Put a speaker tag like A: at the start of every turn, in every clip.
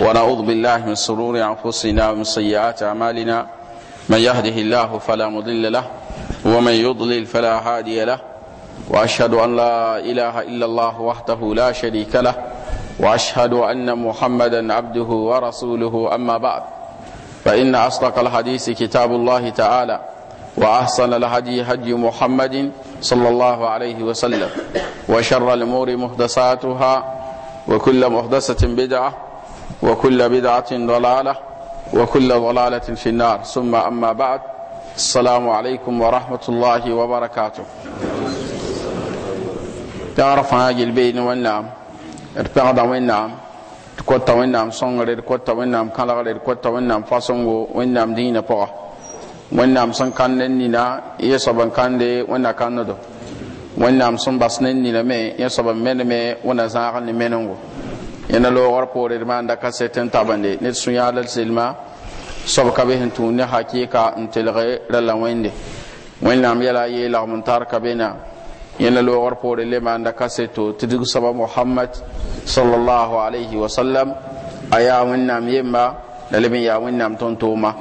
A: ونعوذ بالله من سرور أنفسنا ومن سيئات أعمالنا من يهده الله فلا مضل له ومن يضلل فلا هادي له وأشهد أن لا إله إلا الله وحده لا شريك له وأشهد أن محمدا عبده ورسوله أما بعد فإن أصدق الحديث كتاب الله تعالى وأحسن الهدي هدي محمد صلى الله عليه وسلم وشر الأمور محدثاتها وكل محدثة بدعة وكل بدعة ضلالة وكل ضلالة في النار ثم أما بعد السلام عليكم ورحمة الله وبركاته تعرف هاجي البين والنعم ارتغض والنعم كوتا والنعم صنغر تكوتا والنعم كالغر تكوتا والنعم فاسنغو والنعم دين بوغ والنعم سنكان لننا يسبا كان لي وانا كان ندو والنعم سنبس لننا مي يسبا من مي وانا زاغن منغو yana lowar porir ma da kasetin tabande ne sun ya lal silma sab ka be hintu ne hakika intilghe rala wende wanda nam yala yi la mun tar ka bena yana lowar porir le ma da to tidig saba muhammad sallallahu alaihi wa sallam aya wanda am yemma dalibin ya nam am tontoma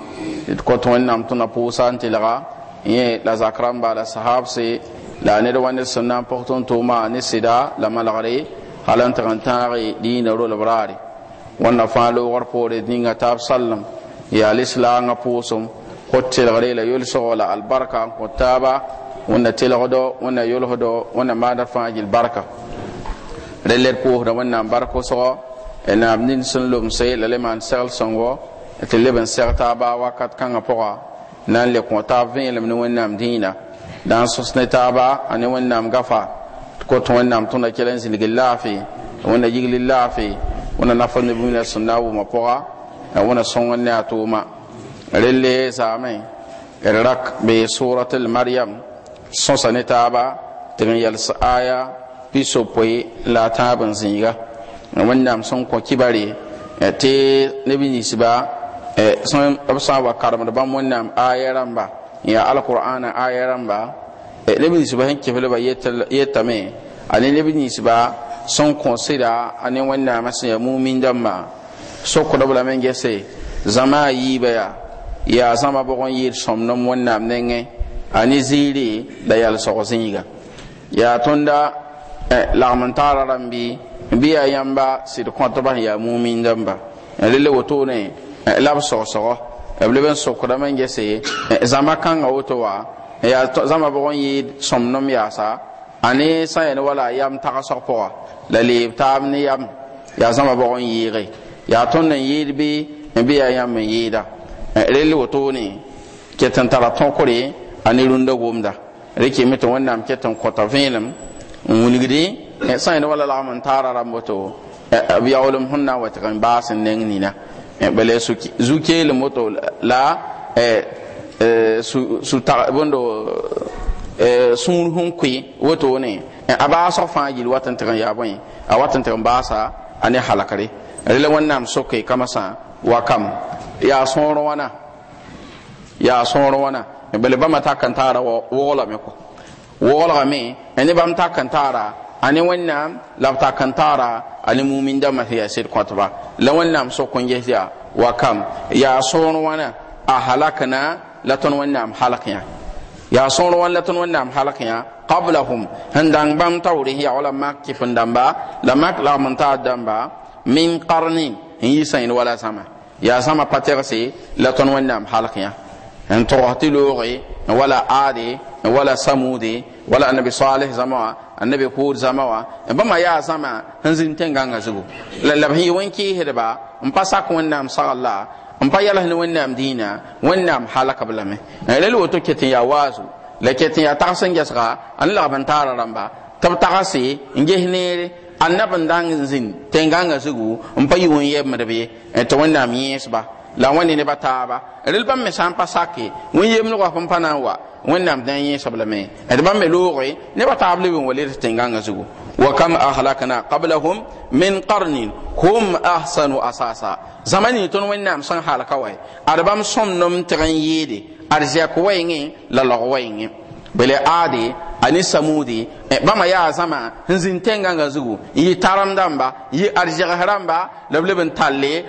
A: ko to nam am tona posa intilgha ye la zakran ba la sahabse la ne da wanda sunna porton toma ne sida la malagare halan ta tɩg n tãage dĩinã rol b raare wãnna dinga loogr sallam ya ninga taab sallem hotel lislaangã pʋʋsem kõ telgre la yʋlsgo la albarka n kõ taaba wẽnna telgdo wẽnna yʋlsdo wẽnna maanda fãa gill barka rel ko pʋʋsda wẽnnaam bark so naam nin sun lum la le man sel songo tɩ leben ser seg taaba wakat kãngã pʋga na n le ko taab vin ne wẽnnaam dĩinã da n sõs ne taaba a ne wẽnnaam gafa kotu wẽnnaam tʋna kell n zilgi laafɩ wẽnna yigli laafɩ wẽnna nafa neb wĩna sẽn na a wʋma na wẽna eh, son n ya toma tʋʋma relle zaame d rak bɩ surat lmariam sõsa ne taaba tɩg n yɛls aya pisopoe la ta tãab n zĩiga wẽnnaam sẽn kõ kibare te nabi ninsba b sã n wa karemd bãmb wẽnnaam aya rãmba ba ya alqur'ana aya ba leb ninsba sẽn keflba yetame a ne leb ninsba sẽn kõsda a ne wẽnnaamã sẽn yaa mumin dãmbã sokdb lame n gese eh, zãma a yiiba yaa yaa zãma bʋg n yɩɩd sõmdem wẽnnaam um, nengẽ eh, a ne zɩɩre la yalsg zĩiga yaa tõnda eh, lagem n taara rãmbi bɩ yaa yãmba sɩd kõtba sẽn yaa mumin dãmba rel wotone la b sogsgɔ b leb n sokdame n gese zãma kãnga woto wa ya zãma yi yi yɩɩd sõmdem yaasa a ne wala yam tagsg pʋga la leeb taab ni yam yaa zãma yi n yɩɩge yaa tõnd n bi bɩ n bɩ yaa yãmb n yɩɩda rel wotone ket n tara tõkre a ne rũndã wʋmda rɩkɩme tɩ wẽnnaam ket n kõta vẽenem n wilgde sã yel wala la mun taara rãmb eh, eh, woto b yaoolem sẽn na n wa tɩg n baas n neng nina eh, bala zukeelem la Eh, su tag bondo sũur sẽn kʋɩ ne a baasg fãa yil wat n tɩg n yaa bõe a wat n tɩg n baasa a ne halkre rela wẽnnaam soke kama sã wakam yaa sõor wãna yaa sõor wãna bala bãmba tak n taara woglame kɔ woglgame e ne bãmb tak n taara a ne wẽnnaam la b tak n taara a ne mumin dãmbã tɩ yaa sɩd kõtba la wẽnnaam sok n ges yaa wakam yaa sõor wãna a halakna la ton wannam halakya ya sõor wãn la tõnd wẽnnaam halg yã qablahum sẽn dãng bãmb taoore sẽn yaoog la mak kɩf n dãmba la mak lagm n taad dãmba min qarne n yɩ sẽn wala zãma yaa zãma pa tɛgse la tõnd wẽnnaam halg yã n togs tɩ looge n wala aade n wala samuude wala annabi salih zama wa annabi hud e zama wa n e ya yaa han zin tenga nga zugo e la la sẽn wanki wẽn-keesdba n pa sak am sagla en pa yals ne wẽnnaam dĩinã am halka b lame rel woto ket n yaa waazu la ket n yaa tags n gesga n lagb n taara rãmba tɩ b tagse n ges neere annab n dãng n zĩnd tẽngãngã zugu n pa yɩ wẽn-yɛbmdb ye tɩ wẽnnaam yẽesba la wẽnne nebã taaba rel bãmb me sã n pa sake wẽn-yemdgã pa wa wẽnnaam dãn yẽesb lame d bãmb me looge nebã taab lebn wa led tẽngãngã zugu wa kam ahlakna qablahum min qarnin hum ahsanu asasa zãma ning tõnd wẽnnaam sẽn halka wa ad bãmb sõmdem tɩg n yeede ad zɛk wɛɩngẽ la log wɛɩngẽ bele aade ani samudi e, bãmba yaa zãma n zĩnd tẽngãngã zugu n yɩ tarem dãmba yɩ ad zegs rãmba la b leb n talle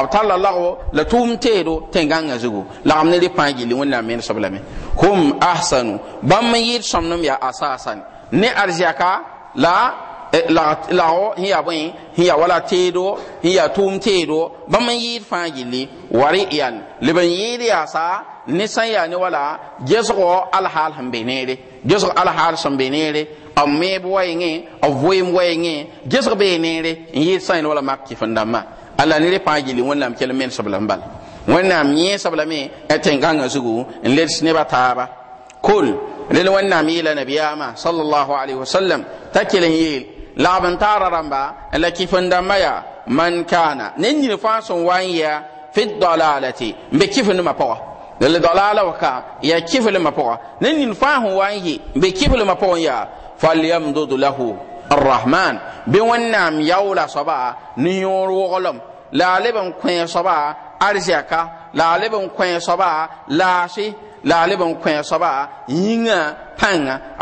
A: b tar la lagbo la tʋʋm teedo tẽn gãngã zugu lagm ne le pãa gilli wẽnnaam mensb lame hum ahsanu bãmb n yɩɩd sõmd n yaa asaasan ne arzɛka la eh, lagɔ sẽn yaa bõe sẽn yaa wala teedo sẽn yaa tʋʋm teedo bãmb n yɩɩd fãa gilli wa yan. leb n yɩɩd yaasa ne sã n yaa ne wala gesgɔ alhaal sẽn be neere gesg alhaal sẽn be neere a meeb wɛɛngẽ a voeem wɛɛngẽ gesg bee neere n yɩɩd sã n wala mak kɩf n dãmbã ala ne pa gili wẽnnaam kell men sabla la n bala wẽnnaam yẽesb lame a gãngã zugu n leds nebã taaba kol rel wẽnnaam yeela nabiyaamã sallallahu alaihi wasallam t'a kell n yeel lagb n taara rãmba la kɩf n dãmbã man kana ne nin fãa sẽn wa n fi dalalati n be kɩf nima pʋga rel dalala waka ya kɩf lema pʋga ne nin fãa sẽn wa n yɩ n be kɩf lema pʋgẽ yaa falyamdud lahu الرحمن bɩ wẽnnaam yaoola soaba ne yõor la a leb n kõe soaba arzɛka la a leb soba kõe soaba laase la a leb n kõe soaba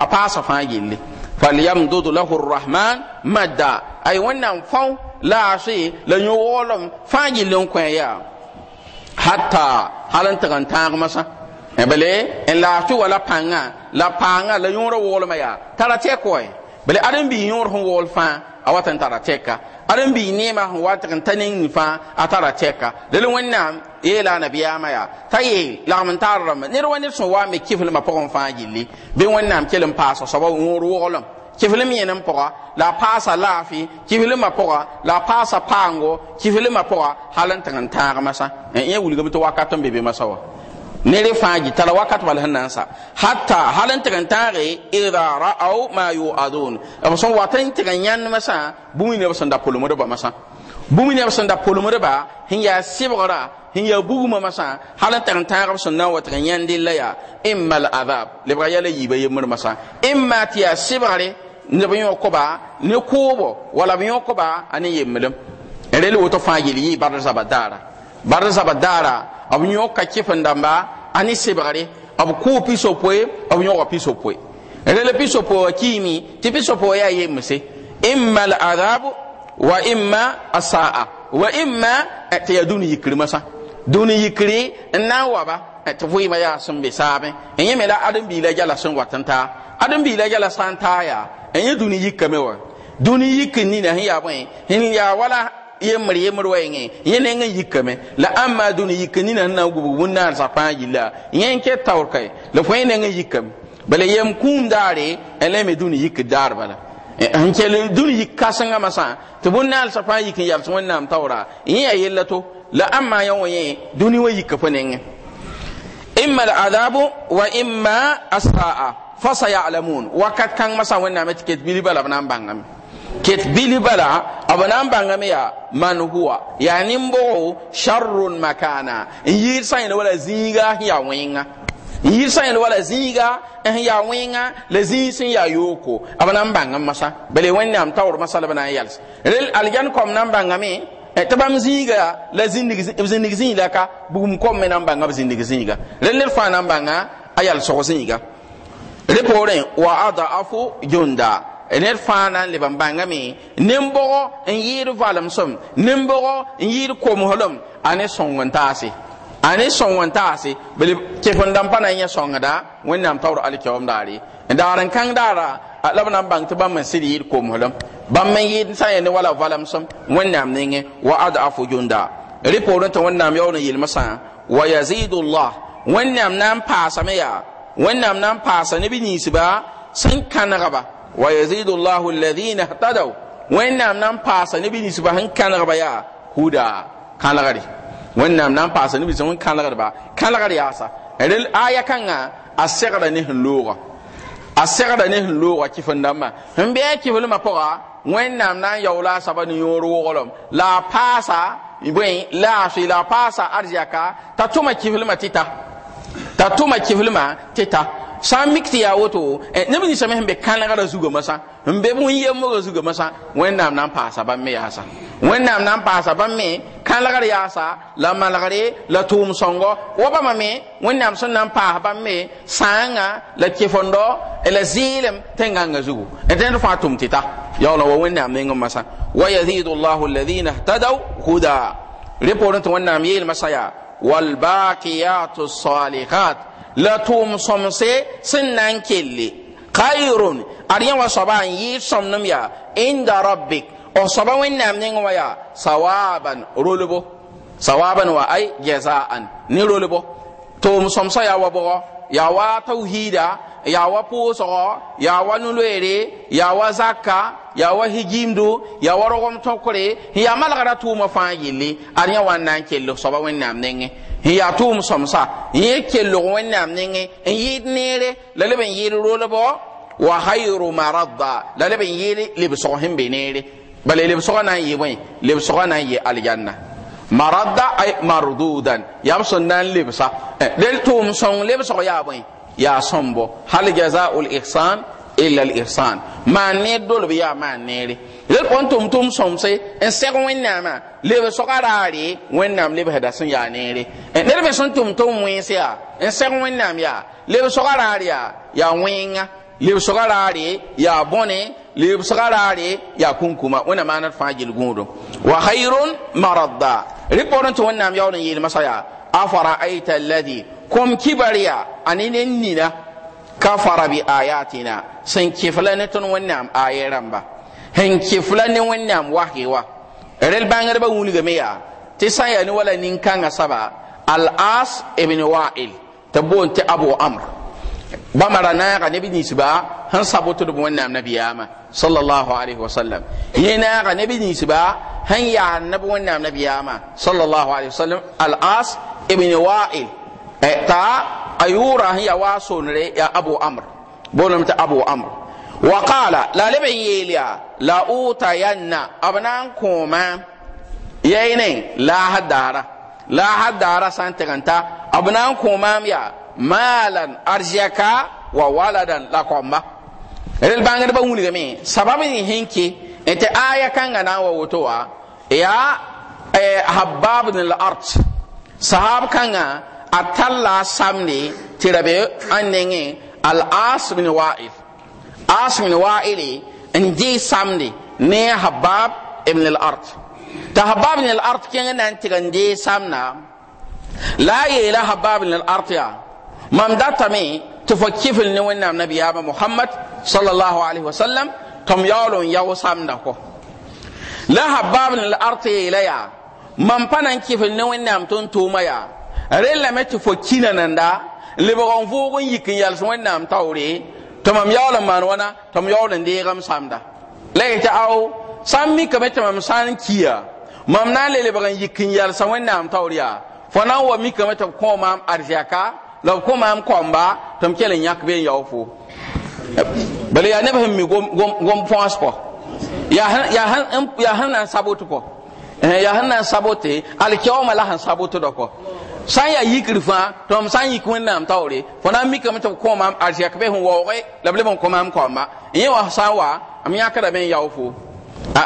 A: a paasa fãa yelle falyamdud lahu rrahman madda ay wẽnnaam fõu laase la yõ-woolem fãa yell n kõe yaa hatta hal n tɩg n tãag masã bele wala la panga la yõorã woolmã ya tara tɛk wɛ bele ad n bɩ yõor sẽn wool fãa a aran bi ne ma wa ta kan tanin fa atara teka dole wannan ye la nabiyama ya tayi la man tarram ne wani so wa me kifil ma pokon fa Bin be wannan kelin pa so sabo wolon. wolam mi yenan poka la pasa lafi kifil ma poka la pasa pango kifil ma poka halan tan masa sa eh, en ye wulga to wakaton be be masawa ne re fãa gi tara wakat wall sẽn na n sa hatta hal n tɩg n tãage ida ra'au ma yu'adun b sẽn wat n tɩg n yãnd masã bũmb neb sẽn da polmdba masã bũmb neb sẽn da polmdba sẽn yaa sɩbgra sẽn yaa bugumã masã hal n tɩg n tãag b sẽn na n wa tɩg n yãnd della yaa imma l adab lebga yɛla yiiba yembr masã imma tɩ yaa sɩbgre neb yõ koba ne koobo wala b yõ koba a ne yemblem rel woto fãa yel yɩ barr zaba daara bar zaba daara abu nyo ka kɩf n dãmba piso poe sebgre nyo kʋʋ pisopoe b yõga piso rel kimi ti piso tɩ ya ye mse imma adab wa imma asa'a wa imma tɩ yaa dũni yikri masã dũni yikri na n waba tɩ vɩɩmã yaa sun be saabẽ n yẽ me la ãdem-biilã yala sẽn wat n taa ãdem-biilã yala sã n yikame wa duni yikni na hiya sẽn yaa bõe wala yemr yemr wɛɛngẽ yẽ neng n yikame la ãmmaa dũni yikã nina sẽn na n gubg wẽnnaar sã pãa yilla yẽ n ket taoorka la fo yẽ neng n yikame bala yem kũum daare la me dũni yik daar bala n kell dũni yik kãsengã masã tɩ wẽnnaar sã pãa yik n yabs wẽnnaam taoora yẽ yaa yella to la ãmmaa yã wã yẽ dũni wã yika fo nengẽ imma al'adabu wa imma asaa saa fa sayalamun wakat kang masa wẽnnaam tɩ ket bilba la b na n bãngame ket bili bala b na n bãngame yaa man huwa yaa nimboogo sharrun makana n yɩɩd sã yẽl wala zĩiga sẽn yaa wẽnga n yɩɩd sã yẽl wala zĩiga n yaa wẽnga la zĩig sẽn yaa yooko b na n bãngam masã bale wẽnnaam taoor masã lb na n yɛls rel algan kom na n bãngame eh, tɩ bãmb zĩiga la zĩndig zĩig la ka bugum kom me na n bãnga b zĩndig zĩiga rel ned fãa na n bãnga a yalsg zĩiga rẽ poorẽ wa adaafu junda ned fãa na n leb n bãngame nimbɔgɔ n yɩɩd valemsem nimbɔgɔ n yɩɩd komslem a ne sõng n taase a ne sõng n taase bl kɩfen-dãm pa na n yẽ sõngda wẽnnaam taoor alkɛoom daare n daar n kãng daara la b na n bãng tɩ bãmb n sɩd yɩɩd komslem bãmb n yɩɩd sã n yẽ ne wala valemsem wẽnnaam nengẽ wa adafo junda rẽ poorẽ tɩ wẽnnaam yaoor n yelm sã wa yazidu llah wẽnnaam na n paasame yaa wẽnnaam na n paasa neb San sẽn kãnegba wa yazidu Allahu alladhina ihtadaw wẽnnaam na n paasa huda aya a ne ne la la la t'a tʋma kɩflmã t'a tʋma teta. San sã n mik tɩ yaa woto eh, neb ninsã me sẽn be kãnegã zugã masã n be b wẽn yembgã zugã masã wẽnnaam na n paasa bãmb me yaasa nam nan n paasa bãmb me kãlgr yaasa la malgre la tʋʋm sõngo eh, eh, wa bãmba me wẽnnaam nam na nan pa ban me sãanga la kɩfendɔ la zɩɩlem tɩ n gãnga zugu tẽnd fãa tʋm tɩta yaoolã wa wẽnnaam nengẽ masã wa yazidu llahu alladina htadaw huda rẽ poorẽ nam yel yeelmasã yaa والباقيات الصالحات لا توم سمسي سنن كلي خير أريان وصبا ييب نميا يا عند ربك صبا وينام نين ويا ثوابا رولبو ثوابا وأي جزاء نرولبو توم سمسي يا وبو Ya wa tawhida ya wa pʋʋsgɔ ya wa nu ya wa zaka ya wa higiimdo ya wa rogem tõkre sẽn yaa malgra tʋʋmã fãa yelle ad yã wa n na n kellg soaba wẽnnaam nengẽ n yaa tʋʋm sõmsa n yẽ kellg wẽnnaam nengẽ n yɩɩd neere la leb n yɩɩd rolbɔ wa hayru maradda la leb n yɩɩd lebsg sẽn be neere bala lebsgã na n yɩ bõe lebsgã na n yɩ aljanna maradda ay marududan yam sun nan lebsa del tum son lebsa ya boy ya sombo hal jazaul ihsan illa al ihsan man ne dol bi ya man ne re del kon tum tum som se en se ko wenna ma lebe so karare wenna am lebe hadasin ya ne re en der be sun tum tum wen se ya en se ko wenna am ya lebe so karare ya ya wenga lebsga raare yaa bõne lebsga raare yaa kũnkuma wẽna maana d fãa gil gũudum wa khayrun marada rẽ paoodẽ tɩ wẽnnaam yaood n yeelmasã yaa afaraaita alladi kom kibar yaa a ne ne nina kafara bi ayatina sẽn kɩfla ne tõnd wẽnnaam aayɛ rãmba sẽn kɩfla ne wẽnnaam wasge wa rel bãngdbã wilgame yaa tɩ sã yaa ne wala nin-kãngã saba al ibn wa'il tɩ boon tɩ abu amr bãmba naaga neb ninsba sẽn sa boto d wẽnnaam nabiyaamã sallallahu alaihi wasallam yẽ naaga neb ninsba sẽn yaas neb wẽnnaam nabiyaamã sallallahu alaihi wasallam al as ibn wa'il t'a a sẽn ya waa soonre ya abu amr boolame tɩ abu amr wa qaala la leb n la utayanna b na n kõoma yɛɩ ne laasd daara laasd daara sã n n ta b na n yaa malan arziyaka wa waladan la rel ba wuni sababu ni hinki ente aya kanga na wa woto wa ya e, habab art sahab kanga atalla samni tirabe al-as wa'il as wa'ili ndi samni ne habab ibn al-art ta habab ibn al-art kenga nan samna la habab ibn al-art ya mam datame tɩ fo kɩfl ne wẽnnaam nabiyaamã mohamad sallallahu alaihi wasallam tɩm yaool n yao samda kɔ la habab n art yeela yaa mam pa na n kɩfl ne wẽnnaam tɩ n tʋʋma yaa rellame tɩ fo kina nanda lebg n vʋʋg n yik n yals wẽnnaam taoore tɩ mam yaool n maan wãna tɩ m yaool n deegame samda la yetɩ ao sãn mikame tɩ mam sã n kia mam na n le lebg n yik n yalsa wẽnnaam taoor yaa fo na n wa mikame tɩ b kõo maam arzɛka la ko kõ maam kɔmba tɩ m kell n yãk been yao fo bala yaa neb sẽn mi gom ya han ya han na n sabote pɔ yaa sẽn na n sabote alkɛoomã la han sabotda do ko san ya yikr fãa tɩ san sã n yik tawre fo na mi mikame tɩ b kõ maam arzɛk be wo ge la bele leb n kõ maam kɔmba n yẽ wa sã n wa m yãkda me n yao fo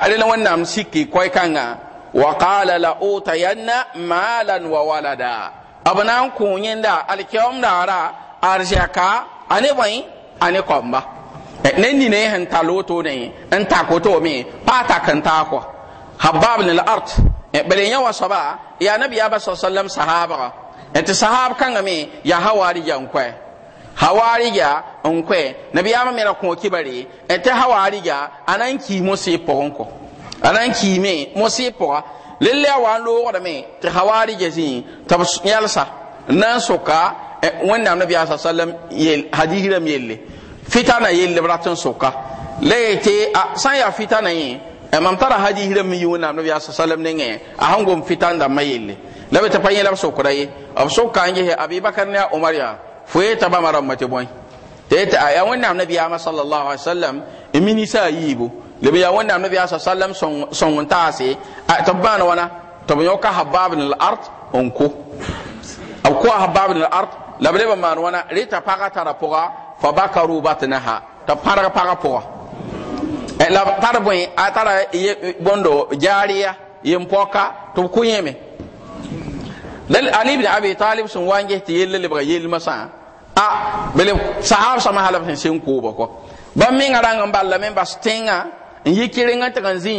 A: rel wẽnnaam siki koy kanga wa qala la utayanna malan wa walada b na n kũu yẽnda alkɛoom daara arzɛka a ne bõe a ne kɔmba ne nine sẽn ta lootone n tak wotome paa tak n taag habab la art e, bala yã wa soaba yaa nabiyaaba sa sallam sahaabga e, tɩ sahaab kãngã me yaa hawaarigã n koɛ hawaarigã n koɛ nabiyaamã me ra kõo kibare tɩ hawaarigã a na n kiis mosɩɩ pʋgẽ kɔ a na n kiime mosɩɩ pʋga lele a wan loogda me tɩ hawaari gesi tɩ b yɛlsa n na n soka eh, wẽnnaam nabi aa sallam hadiis rãmb yelle fitana yelle b rat n soka la ye tɩ sã n yaa eh, fitana yẽ mam tara hadiis rãmb n yi wẽnnaam nabi aa sallam nengẽ a sãn gom fitan dãmbã yelle la be tɩ pa yẽ la b sokra ye b soka n gese abibakar ne a omar yaa fo ye t'a bãmba rãmbã tɩ bõe tɩ tɩ a wẽnnaam nabiyaamã sallallahu alaihi wasallam n minisa a yiibu lebi ya wẽnnaam nabiya sa sallam sõng n taase tɩ b bãana wãna tɩ b yõka habaab n l ard n ko ko a habaab n l ard la b leb n maan wãna tara pʋga fa bakaru batnaha tɩ b pãrg pagã pʋga la b tar bõe a tara bondo. jaariya yem poka. tɩ b kʋ yẽme ali ibn abi talib sẽn wa n ges tɩ yell lebga yellmã sã a bele sahaab sãma hala b sẽn sen kooba kɔ min menga rãng n balla me n bas tẽngã n yi kirenga tɩg n zĩ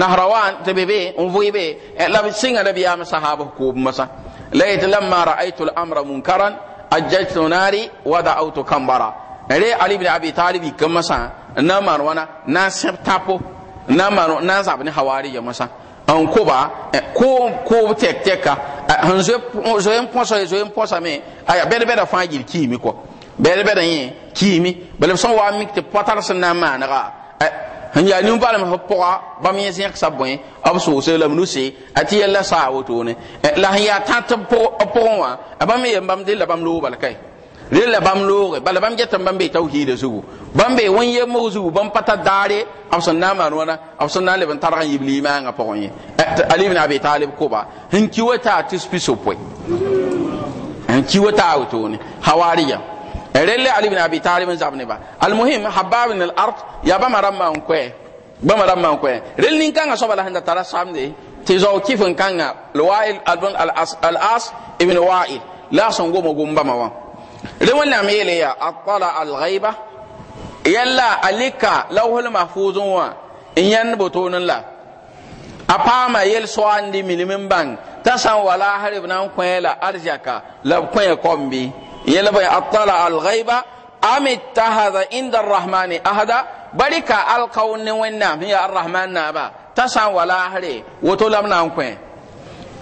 A: nahrawan tɩ be be n vɩɩ be la b sɩnga la b yaam sahaaba f koob masã la yetɩ lama ra'aytu lamra munkaran ajjajtu naari wada'awtu kambara re ali ibn abi talib yikã masã n na n maan wãna na n sẽb tapo na n zãb ne hawaarija masã n koba koob tɛk-tɛka n zoe n põsa zoe n põsame aya bɛd-bɛdã fãa yil kiime kɔ bɛd-bɛdã yẽ kiime bala b sẽn wa mik tɩ pa tar sẽn na n maanega n yaa nin-bala f pʋga bãmb yẽ zẽk bõe b soose la nuse a tɩ yɛlla saa wotone la sẽn yaa tã tɩ pʋgẽ wã bãmb me bãmb della bãmb loog bala kae rela bãmb looge bala bãmb getɩ bãmb bee tawhiidã zugu bãmb bee wẽn yembg zugu bãmb pa ta daare b sẽn na n maan wãna b sẽn na n leb n targ n yib limaangã pʋgẽ ye ali abi talib koba sẽn ki wa taa tɩ pisopoe sẽn ki wa taa wotone hawaariyã relle ali bin abi talib zabne ba almuhim habab bin al ya ba maramma nkwe ba maramma nkwe relle kan so bala handa tara samde ti zo kifin kanga al-wa'il albun al-as ibn wa'il la son gomo gumba mawa rewan na mele ya aqala al-ghaiba yalla alika lawhul mahfuzun wa in yan botonun la A fama yel so di milimin bang tasan wala bi harib nan kwela arjaka lab kwaya kombi yela bai attala al-ghaiba am ittakhadha inda ar-rahmani ahada barika al-qawn ne wannan ya ar-rahman na ba ta wala hare wato lam na kwen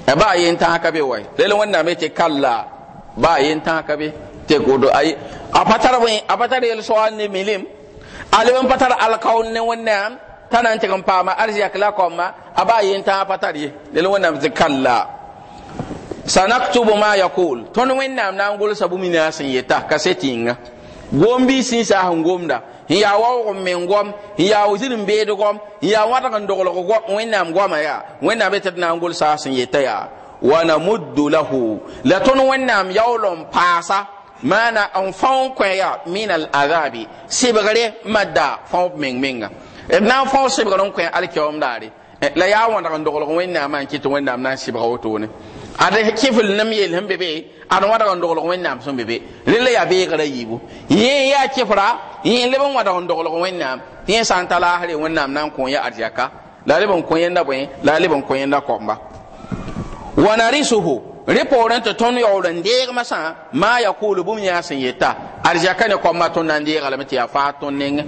A: e ba yin ta haka be wai lele wannan me ce kalla ba yin ta haka be te godo ai a patar bai a patar yel so an ne milim alwan patar al-qawn ne wannan tanan tikan pama arziya kala komma aba yin ta patar ye lele wannan me ce kalla sanaktubu ma yaqul ton wẽnnaam na n golsa bũmb nina sẽn yeta ka gombi sin sa bɩ gomda ya wawo waoog men gom ya yaa zir n beed gom n yaa wãdg n doglg wẽnnaam goamã ya, wẽnnaam be tɩ nan gol sa sẽn yeta ya wa namuddu lahu la ton wẽnnaam yaool n paasa maana n fão min kõ yaa min aladabi sebgre madda fão b menga b e na n fão sebgr n kõ alkɛoom daare la yaa wãdg n doglg wẽnnaamã n kɩ tɩ wẽnnaam na n sɩbga wotone ada kifil nam yel hem bebe ada wada on dogol wen nam sum bebe lele ya be gara yibu ye ya kifra ye le bon wada on dogol wen nam ye santa la hare wen nam nan ko ya arjaka la le bon ko yenda boy la le bon ko yenda komba wanarisuhu reporan to ton yo ran de ma sa ma ya kulu bum ya sin yeta arjaka ne komba ton nan de gala meti ya fa ton ning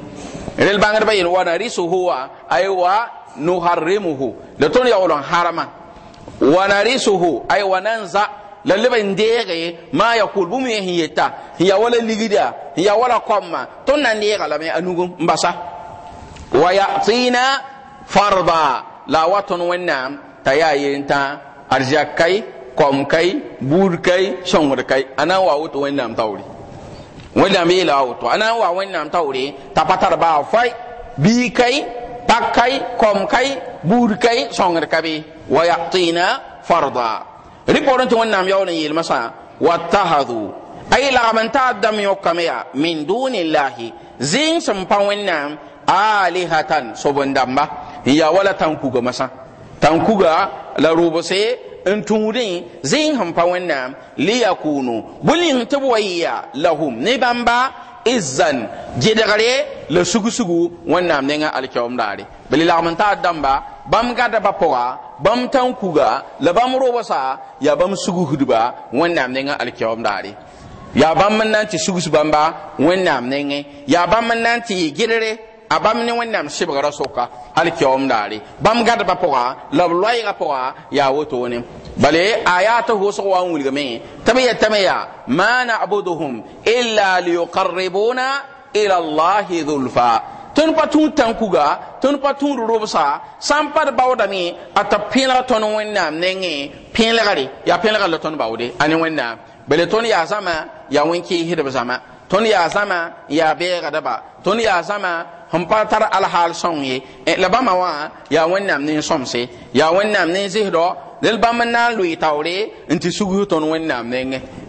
A: rel bangar bayin wanarisuhu wa aywa nuharrimuhu da ton yo ran harama wa narisuhu ay wa nanza lalle ban dege ma ya kulbu mu hiyeta ya wala ligida ya wala komma ton nan dege la me anugo mbasa wa ya'tina farba la waton wannan tayayinta arjakai komkai burkai shongurkai ana wa wuto wannan tauri wannan me la wuto ana wa wannan tauri tapatar ba fai bi kai Bakkai, komkai burkai sõngd ka wa yaqtina farda rɩ pʋgr tɩ wẽnnaam yaool masa, wattahadu ay y lagm n taab dãmb yõkame min dunillahi zin sẽn pa alihatan sob n dãmba n wala tanku ga masa. Tanku ga la rubose n zin zĩng sẽn pa liyakunu bulin ling lahum ne bamba izan gidgre le sugu-sugu wẽnnaam nengã alkaoomdaare bɩ lagm n taad dãmba bãmb gãdbã pʋga bam tan kuga la bãmb robsa yaa bãmb sugsdba wẽnnaam nengã alkaoomdaare yaa dare ya bam n tɩ sugu bãmba bamba nengẽ yaa bãmb n na n tɩ gɩdre a bãmb ne wẽnnaam sɩbgra soka alkaoomdaare bãmb gãdbã pʋga la b loɛɛgã pʋga ya woto ne بل آياته سوى ولغمين تمية تمية ما نعبدهم إلا ليقربونا إلى الله ذلفا تون باتون تنكوغا تون باتون روبسا سامبار باوداني أتا پين لغتون وننام نيني پين لغري يا پين لغل تون باودي أني وننام بل تون يا زما يا وينكي هرب زما تون يا زما يا بيغ دبا تون يا زما هم باتر الحال سونغي لبا موان يا وننام نين سومسي يا وننام نين زهرو del bãmb n na n loɩɩ nti n ton sugs tõnd wẽnnaam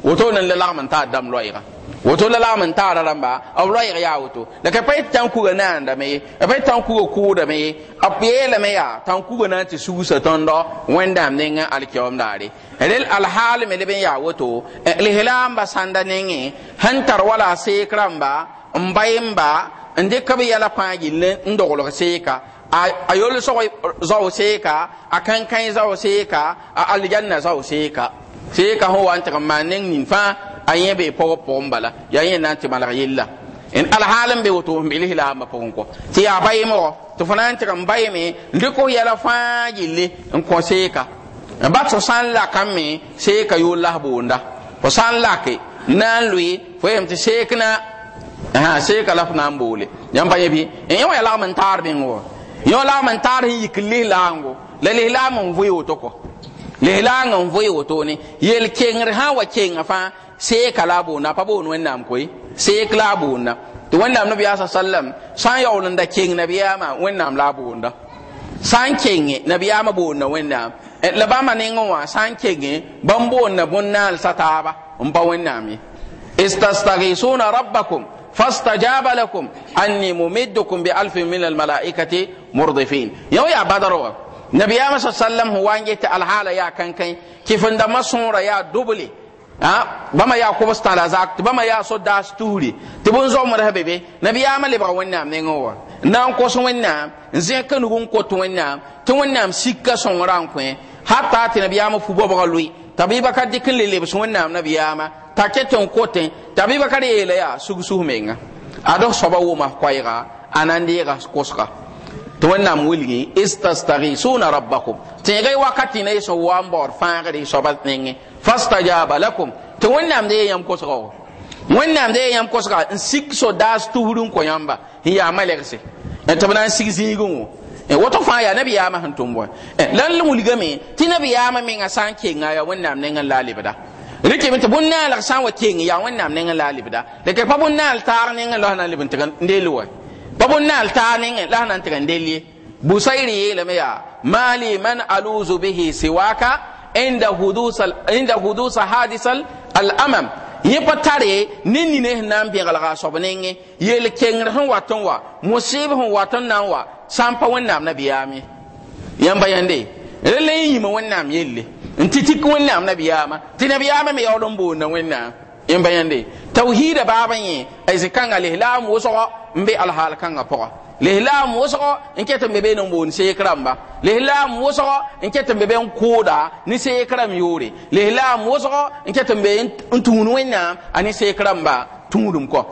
A: woto nan la lagm ta dam dãmb loɛɛga woto la lagm n taara rãmba b loɛɛg ya woto la ka pa yet tãn kuga naandame e ye a pa yet tãn kuga kʋʋdame A b yeelame yaa tãn kuga na ti sa n tɩ sugsa tõndɔ wẽnnaam nengẽ alkɛoomdaare rel alhaal me leb n ya woto e ba sanda nengẽ sẽn tar wala a seek rãmba n ba yemba n dɩk b yɛla pãa gill n doglg seeka a yol so zao seka a kan kan zao seka a alijanna zao seka seka ho wan ta man nin fa ayen be po po mbala ya yen nan ti mala yilla in al halam be woto mi lihila ma po ko ti ya bayi mo to fanan ti n bayi mi liko ya la fa yille in ko seka ba to san la kan mi seka yo la bonda ko san la ke nan lui fo em ti sekna ha seka la fa nan bole yan bayi bi en yawa la man tar bin wo yõ la man taar sẽn yik lislaango la lislaam n vɩɩ woto kɔ lislaang n vɩɩ wotone yel-kengr sã n fa kenga fãa seeka la a boonda pa boon koi, koe seek la a boonda tɩ wẽnnaam nabiyaa sallam sã n yaool n da keng nabiyaamã wẽnnaam la a boonda sã n kenge nabiyaamã boonda wẽnnaam la bãmba ning n wã sã n kenge bãmb boonda bõn-naal sa taaba e, eh, n e, um pa wẽnnaam ye istastagisuuna rabbakum فاستجاب لكم أني ممدكم بألف من الملائكة مردفين يو يا بدر نبي صلى الله عليه وسلم هو أنجت الحالة يا كان كان كيف عندما صور يا دبلي ha bama ya ko basta la zak bama ya so da sturi ti bun zo mara bebe nabi ya mali ba wannan ne ngowa nan ko so wannan nze kan gun ko to wannan to wannan sikka son ran ko hatta ti nabi ya ma fu bo ba lui tabi ba ka dikin lele so wannan nabi ya ma ta ke ton ko ten ya bi bakar yeela ya sug sug menga a dog soba woma koyga anan deega koska tɩ wẽnnaam wilgi istastaghisuna rabbakum te y wakati na yeso wa n baood fãagre soba nengẽ fastajaba lakum tɩ wẽnnaam de yee yãmb kosga wo wẽnnaam de yee yãmb kosga n sik sodaas tusd n kõ yãmba n yaa malgse eh, tɩ b na n sig zĩig eh, wo woto fãa yaa nabiyaamã sẽn tʋm bõe eh, la n wilgame tɩ nabiyaamã menga sã n kenga yaa wẽnnaam neng n la a lebda rike tɩ bõn-naalg san wa keng ya wẽnnaam neng n la a ke la kɛ pa bõn-naal taar neng la na n leb n wa pa bõn-naal taar neng la sã na n tɩg n del ye busayr yeelame man aluzu bihi siwaka inda hudusa hadisal al'amam yẽ pa tare ne nine sẽn na n bẽglga a soab nengẽ yel-kengr sẽn wat wa mosɩɩb sẽn wat n na wa sampa n nabiyami yamba yande le yi rẽ la n yĩm wẽnnaam yelle n tɩ tik wẽnnaam nabiyaamã tɩ nabiyaamã me yaool n boonda wẽnnaam yẽ pa yãnde tawhiidã baabã yẽ a zĩ kãnga lislaam wʋsgɔ n be alhaal kãngã pʋga lislaam wʋsgɔ n ket n be be n boond seek rãmba lislaam wʋsgɔ n ket n be be n kʋʋda ne seek rãmb yoore lislaam wʋsgɔ n ket n be n tũud wẽnnaam a ne seek rãmba tũudum kɔ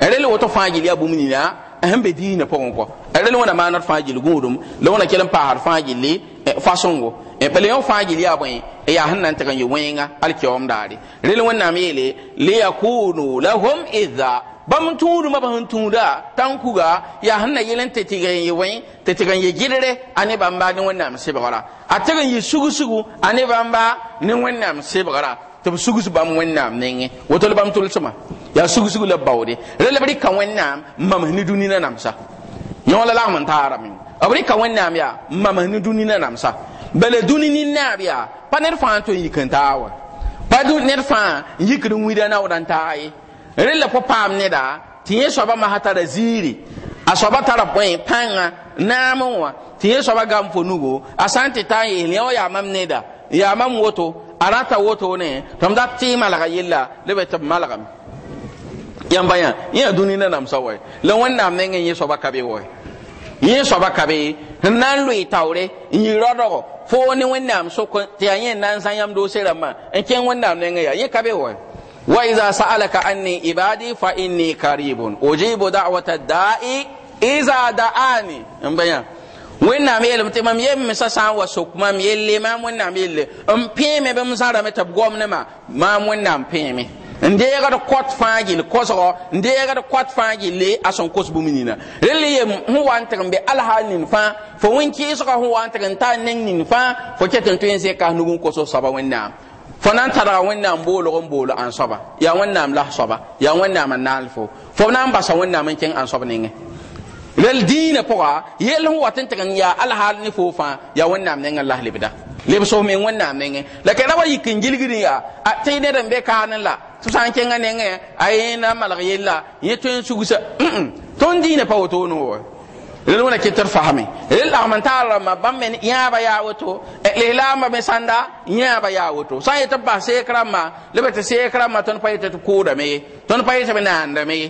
A: rel woto fãa gil yaa bũmb nina sẽn be diinã pʋgẽ kɔ rel wẽna maan d fãa gil gũudum la wẽna kell n paasd fãa gilli eh, fasõngo e bale yon fa gili ya bwen e ya hannan ta kan yi wenga alkiyom dare rel wannan mele li yakunu lahum idha bam tuuru maba hun da, tan kuga ya hannan yelen te tigan yi wen te tigan yi gidere ane bamba ni wannan sibgara a tigan yi sugu sugu ane bamba ni wannan sibgara to sugu sugu bam wannan nenge wotol bam tul suma ya sugu sugu la bawde rel bari kan wannan mam ni dunina namsa yon la la man taara min abri kan ya mam ni dunina namsa bala dũni ninnaab yaa pa ned fãa n tõe n yik n taa wa pa ye rẽ da fo paam neda tɩ yẽ soaba ziiri a soaba tara bõe pãnga naam n wã tɩ gam fo nugo a sã n tɩ tar n yeel yã wa mam mam woto a woto ne na n na n loe taoore n yi rodgo fo ne wẽnnaam sok tɩ yaa yẽ na n sã yãmb doose rãmbã n kẽng wẽnnaam nengẽ yaa yẽ ka be wa wa iza sa'alaka anni ibadi fa inni qaribun ujibu da'wata da'i iza da'ani n bãyã wẽnnaam yeelm tɩ mam yem sã sã n wa kuma mam yelle maam wẽnnaam yelle n pẽeme bɩ m zã rame tɩ b gomdẽ ma maam wẽnnaam pẽeme n deegd kot fãa gill kosgɔ n deegd kot fãa gille a sẽn kos bũmb nina rel yem sẽn wa n tɩg n be alhaal nin fãa fo wẽn-kɩɩsga sẽn wa n tɩg n neng nin fãa fo ket n tõe n zẽka nug n kosg soaba wẽnnaam fo na n tadga wẽnnaam boolg n boolo ãn soaba yaa wẽnnaam la soaba yaa wẽnnaam n naal fo fo na n basa wẽnnaam n kẽng ãn soab nengẽ lal dĩinã pʋga yell sẽn wat n tɩg n yaa alhaal ne foo fãa yaa wẽnnaam nengã las lebda leb sos me wẽnnaam nengẽ la kẽ rabã yik n gilgd n yaa tɩ ned n be kaan la tɩ sã n kẽngã nengẽ a yẽena n malg yella yẽ tõe n sugsa tõnd dĩinã pa wotone wã rel wẽna kɩ tɩ d fasme rel lagm n taar rãmba bãmb me yãabã yaa woto lislaambã me sãnda yãabã yaa woto sã n yetɩ b bas seek rãmba leb tɩ seek rãmbã tõnd pa yetɩ tɩ koodame ye tõnd pa yetɩ b naandame ye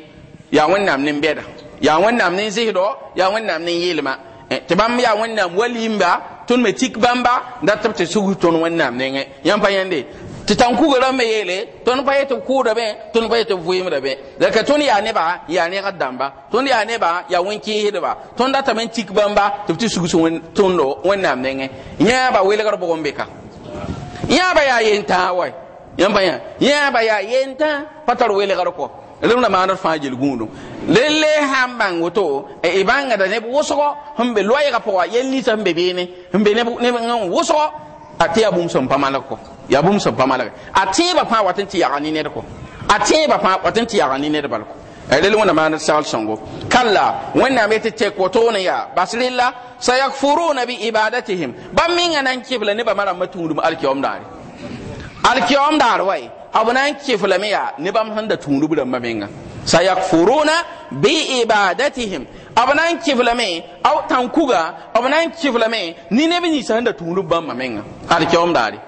A: yaa wẽnnaam nin-bɛda ya wẽnnaam ne zɩsdɔ ya wẽnnaam ne yɩlma eh, tɩ bãmb yaa wẽnnaam wa limba tõnd me tik bãmba dat b tɩ sugs tõnd wẽnnaam nengẽ eh. yãmb pa yẽnde tɩ tãn kuga rãmbe yeele tõnd pa yetɩ b kʋʋdame tõnd pa yetɩ b vɩɩmdame raka tõnd yaa nebã yaa negd dãmba tõnd yaa nebã yaa wẽn-kɩɩsdba tõnd datame n tik bãmba tɩ b tɩ sugs tõndo wẽnnaam nengẽ eh. yãaba welgr bʋg n beka yãaba yaa yentã wa yãmb pa yã yãaba yaa yentã pa tar welgr kɔ rẽmdã maanr fãa jel gũudum lele han bang woto e ibanga da ne wosogo hombe loye ga po ni tan be bene hombe ne ne ngon wosogo atiya bum som pamalako ya bum som pamalako atiya ba pa watin ti ya ni ne ko atiya ba pa watin ti ya ni ne bal ko e lele wona ma sal songo kala wona mete te ko to ne ya basilla sayakfuruna bi ibadatihim bam min anan kibla ne ba mara matundum alkiyom dare alkiyom dare wai abunan kifla me ya ne bam handa tundubu da mamenga sayakfuruna bi ibadatihim abna kiflame aw tankuga abna kiflame ni ne bin san da tunu ban mamenga ar kyom dare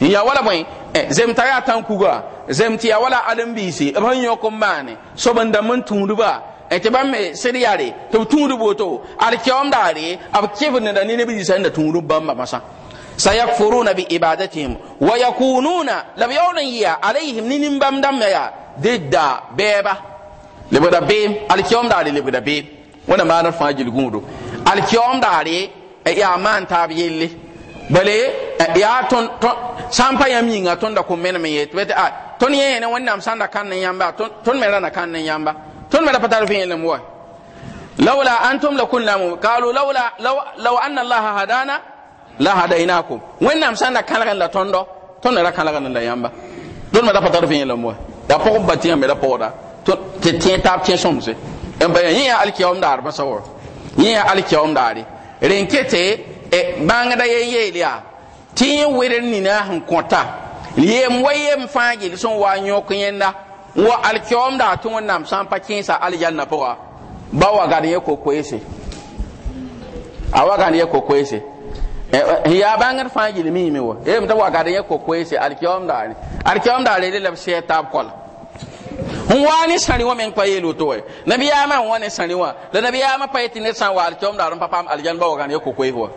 A: ya wala boy zem taya tankuga zem y'a wala alambisi ban yokum bane so ban da mun tunu ba te ban me seriyare to tunu boto ar kyom dare ab kifne da ni ne bin san da tunu ban mamasa sayakfuruna bi ibadatihim wa yakununa labyawlan ya alaihim ninim bam dam ya didda beba lebda be alkiyom daare lebda be wẽna maan d fãa gil gũudo alkiyom yaa maan taab yelle bale e yaa tõnd pa yãmb yĩnga tõnda kõ menem ye tɩ bɩ tõnd yẽ wẽnnaam sã da kãnd n yãmba tõnd me ra na kãnd n yãmba tõnd me ra pa tar f wa laula antum la kunna qalu laula law anna allaha hadana la hadainakum wẽnnaam sã n da la tõndo tõnd ra kãlg la yãmba tõnd me ra pa tar f yẽlem wa yaa me tɩ tẽ taab tẽ sõmse yẽ yaa alkiyaom daar bãsa e, wa yẽ yaa alkiyaom daare rẽn kete bãngda ye yeel yaa tɩ yẽ wedr nina sẽn kõta yeem wa yeem fãa gil sẽn wa yõk yẽnda n wa alkiyaom daa tɩ wẽnnaam sã n pa kẽesa aljanna pʋga ba wa gãd ye kokoese a wa gãd ye kokoese e, e, ya bãngd fãa gil miime wa yeem tɩ wa gãd ye kokoese alkiyaom daare alkiyaom daare le la b sɛɛ taab kɔla n wa ne sãri wã meng pa yeelo to wɛ nabiyaamã n wa ne sãri wã la nabiyaamã pa ye tɩ ned sã n waar tɩɔmdaar n pa paam aljanba wagan ye kokoeg wa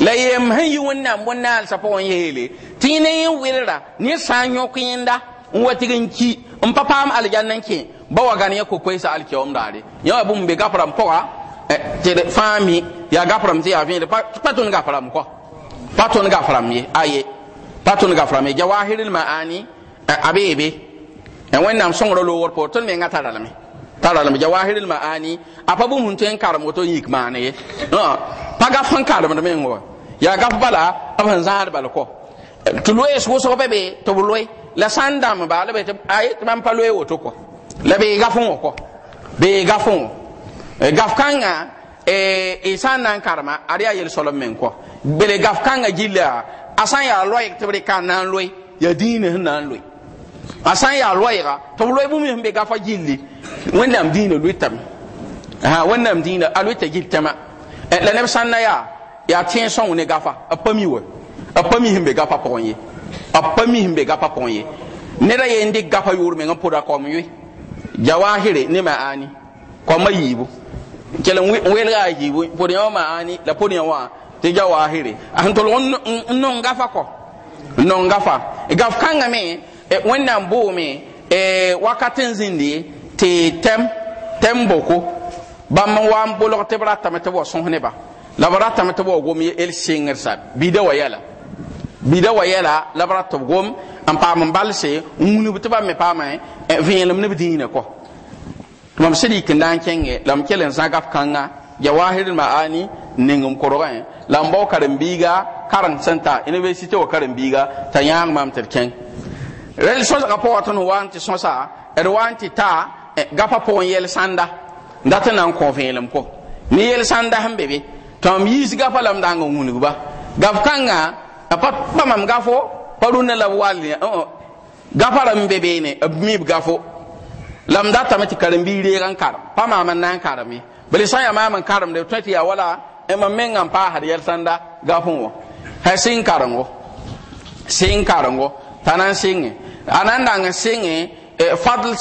A: la yeem sẽn yi wẽnnaam bõn-naalsã pʋgẽ yeele tɩ yẽ ne yẽ welra ne sã n yõk yẽnda n wa tɩg n ki n pa paam aljanna n kẽ ba wagan ye kokoesa alkiomdaare yã wa bũmb be gap rãmb pʋga e, tɩ fãa mi yaa gap rãmb tɩ yaa vẽede pa tõnd gap rãmb kɔ pa tõnd gap ye aye pa tõnd gap rãmb ye jawahirl ma'ani e, a beebe ya wẽnnaam sõngr loogr pʋʋr tõnd menga tara lame tara lame jawahirl maani a pa bũmb sẽn tõe n karem woto n yik maane ye pa gaf sẽn karemd meng wa yaa gaf bala b sẽn zãad bal kɔ tɩ loees wʋsg pa be tɩ b loe la sã n dãmba la be tɩ mam pa loe woto kɔ la bee gaf wõ kɔ bee gaf wõ e gaf kãngã y e, e sã n na n karema ad yaa yel-solb meng kɔ bele gaf kãngã gilla a sã n yaa loɛg tɩ b rɩka n na n loe yaa dĩinã sẽn na n a san n yaa loɛɛga tɩ b loɛ bũmb gafa be gafa gilli wẽnnaam dĩinã loetame wẽnnaam dĩinã a loeta gil tɛma la neb sãn na yaa yaa tẽen sõng ne gafa a pa mi wa a pa mi sẽn be gafa pʋgẽ ye a pa mi sẽn gafa pʋgẽ ye ned a yee n dɩk gafa yoor meng n poda kɔm yoe jawaahiri ne ma aani kaooma yiibu kell n welga a yiibu pʋd yã wã ma aani la pʋd yã wã tɩ jawaasɩre a sẽn tolg n nong gafa kɔ n nong gafa gaf kãngame wẽnnaam boome wakat n zĩndi tɩ tɛm tɛm boko bãmb n wa n bʋlg tɩ b ratame tɩ b wa sõs neba la b ratame tɩ b wa gom el sɩngrsa bida wa yɛla bida wa yɛla la b rat b gom n paam n balse n wũnb tɩ ba me paamẽ e, vẽelem neb dĩinã kɔ mam sẽd yik n da n kẽnge la m kell n zãgb kãngã jawahir maani ningum korogẽ la n bao karen-biiga karen sẽn ta université wa karen-biiga t'a yãag mam tɩ d kẽng rel sõsga paoa tõnd wa n tɩ sõsa d er wa n tɩ taa eh, gafã pʋgẽ yel-sãnda dat n na n kõ vẽelem kɔ ne yel-sãnda sẽn be be tɩ m yiis gafã la m daang n wilgba gaf kãngã eh, pa pa mam gafo pa rũnnã la b wall eh, oh, gafã rãmb be beene b miib gafo la m datame tɩ karen-biig reeg n karem pa maam n na n karem ye bele sã n yaa maam n karemde b tõe tɩ yaa wala mam menga n paasd yɛl-sãnda gafẽ wã sẽn karengo sẽn karengo t'a na n sɩngẽ anan dang e fadl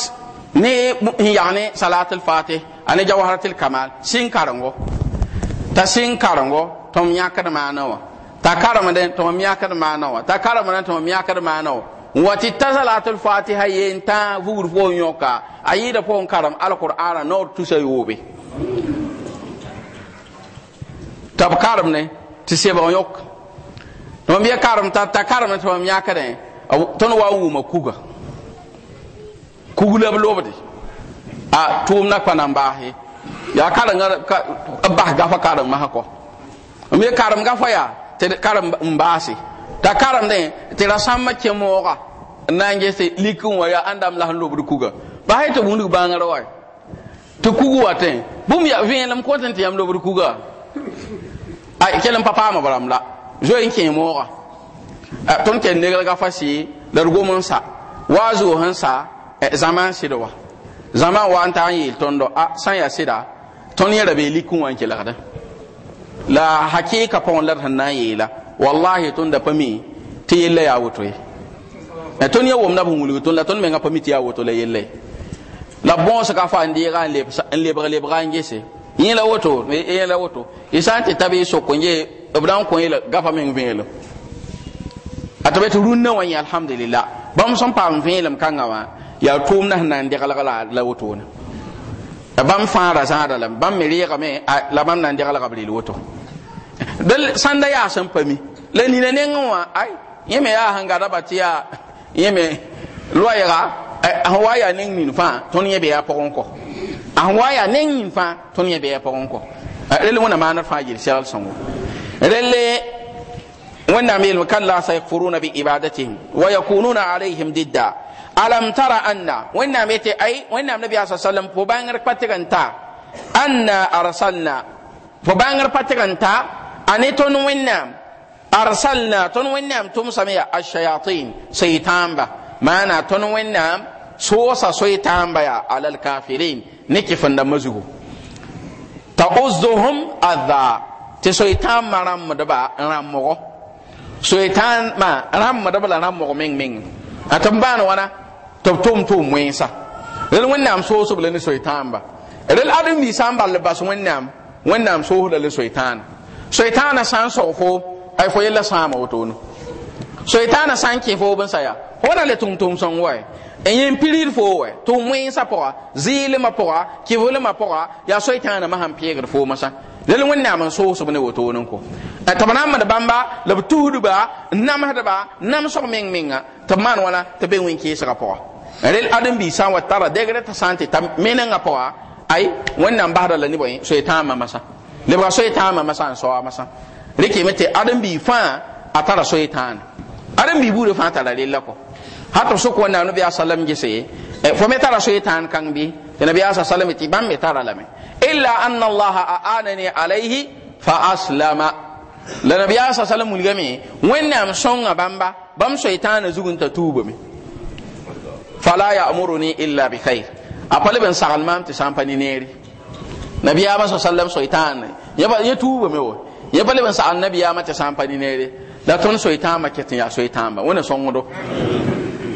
A: ne yani salatul fatih ani jawharatul kamal sing karango ta sing karango tom nyakar manawa ta karama den tom nyakar manawa ta karama den tom nyakar manawa wati ta salatul fatiha yen ta vugur fo nyoka ayida fo karam alqur'ana no say wobe tab karam ne ti seba yok to ya karam ta ta karam to nyakar ne tõnd wa wʋʋma kuga kug la b lobde a tʋʋmdã kpa nan baase yaa karengã bas gafa fa masã kɔ m ye karem gafa yaa tɩ karem baase t'a karemdẽ tɩ ra sãmbã kẽ moogã n na n ges lik n wa yaa ãndam la sẽn lobd kuga bas yetɩ wũndg bãngrã wa tɩ kug watẽ bũmb ya vẽelem kõt n tɩ yãmb lobd kuga a kell n pa paama b la zoe n kẽ moogã tõnd kell negrga gafa sɩ la d gom n sa waa zoos n sa zãma n sɩd wa zãma n wa n tar n yeel tõndo a sã n yaa sɩda tõnd yẽ ra bee lik n wa n kelgda la hakɩɩka pʋgẽ eh, la d sẽn na n yeela wallahi tõnd da pa mi tɩ yella yaa woto ye tõnd yaa wʋmda b sẽn wilg tõnd la tõnd menga pa mi tɩ yaa woto la yella eh, ye la bõosga e fa n deega n lebg lebga n gese yẽ la woto yẽ la woto y sã n tɩ tab y sok n ye b da n kõ yela gafa meng ata bet runna wa ya alhamdulillah bam son pa n vẽelem kãngã wã yaa tʋʋmdã sẽn na n deglg la la wotone bãmb fãara zãada la bãmb me rɩɩgame la bãmb nan n deglga b rel woto d sãnda yaa sẽn pa mi la nina nengẽ wã ay yẽ me yaa sẽn gadaba tɩ yaa yẽ me loɛɛga sẽn wa ya neng nin fãa tõnd yẽ be yaa pʋgẽ kɔ sẽn wa ya neng nin fãa tõnd yẽ be yaa pʋgẽ kɔ rel wẽna maanr fãa yel segl sõngo rel wannan mil kalla sayakfuruna bi ibadatihim wa yakununa alaihim didda alam tara anna wannan mete ai wannan annabi sallallahu alaihi wasallam ko bayan anna arsalna fo bangar patiganta ani ton wannan arsalna ton wannan tum samiya ash-shayatin shaytan ba mana ton wannan so sa so ya alal kafirin niki fanda mazuhu ta'uzuhum adha ti shaytan maram da ba ramugo soetan ma rãmbã da bala rãmb mog meng meng a tɩ b bãan wãna tɩ b tʋʋm tʋʋm wẽnsa rel wẽnnaam soosb la ne soetãamba rel adem-bi sã le ball bas wẽnnaam wẽnnaam soosda la soetãana soetãana sã n sog fo ay fo yella sãama wotone soetãana sã san ke fo bõn sa yaa fo na le tʋm-tʋʋm sõng wa e. n yẽn pirir fo wɛ e. tʋʋm wẽnsã pʋga zɩɩlmã pʋga kɩblmã pʋga yaa ma han n fo foomã sa lel wẽnnaam n soogsb ne woto n kɔ tɩ b na n mɩd bãmba la b tusdba n namsdba n namsg meng menga tɩ b maan wãna tɩ be wẽn-kɩɩsgã pʋga rel eh, ãdem-biig sã n wa tara dɛgrã tɩ sã n tɩ t'a menengã pʋga ay wẽnnaam basda la ne bõe soetãan mamasã lebga soetãan masa n soa masã rɩkeme tɩ ãdem-biig fãa a tara soetãana ãdem-biig buudã fãa tara rel la kɔ ha tɩ b sʋk wẽnnaam nabiyaa salam gese eh, fo me tara soetãan kãng bɩ tɩ nabiyaa sa salam tɩ bãmb me tara lame illa anna allaha aanani alayhi fa aslama la nabiya sa sallam mulgame wẽnnaam sõnga bãmba bãmb soɩtãana zug n ta tuba tuubame fala ya'muruni illa bi khair a pa leb n sagl maam tɩ sã n pa ne neere nabiyaamã sa sallam soɩtãane yẽ tuubame wo yẽ pa leb n sagl nabiyaamã tɩ sã n pa ne neere la tõnd soɩtãambã ket n yaa soɩtãamba wẽna sõngdo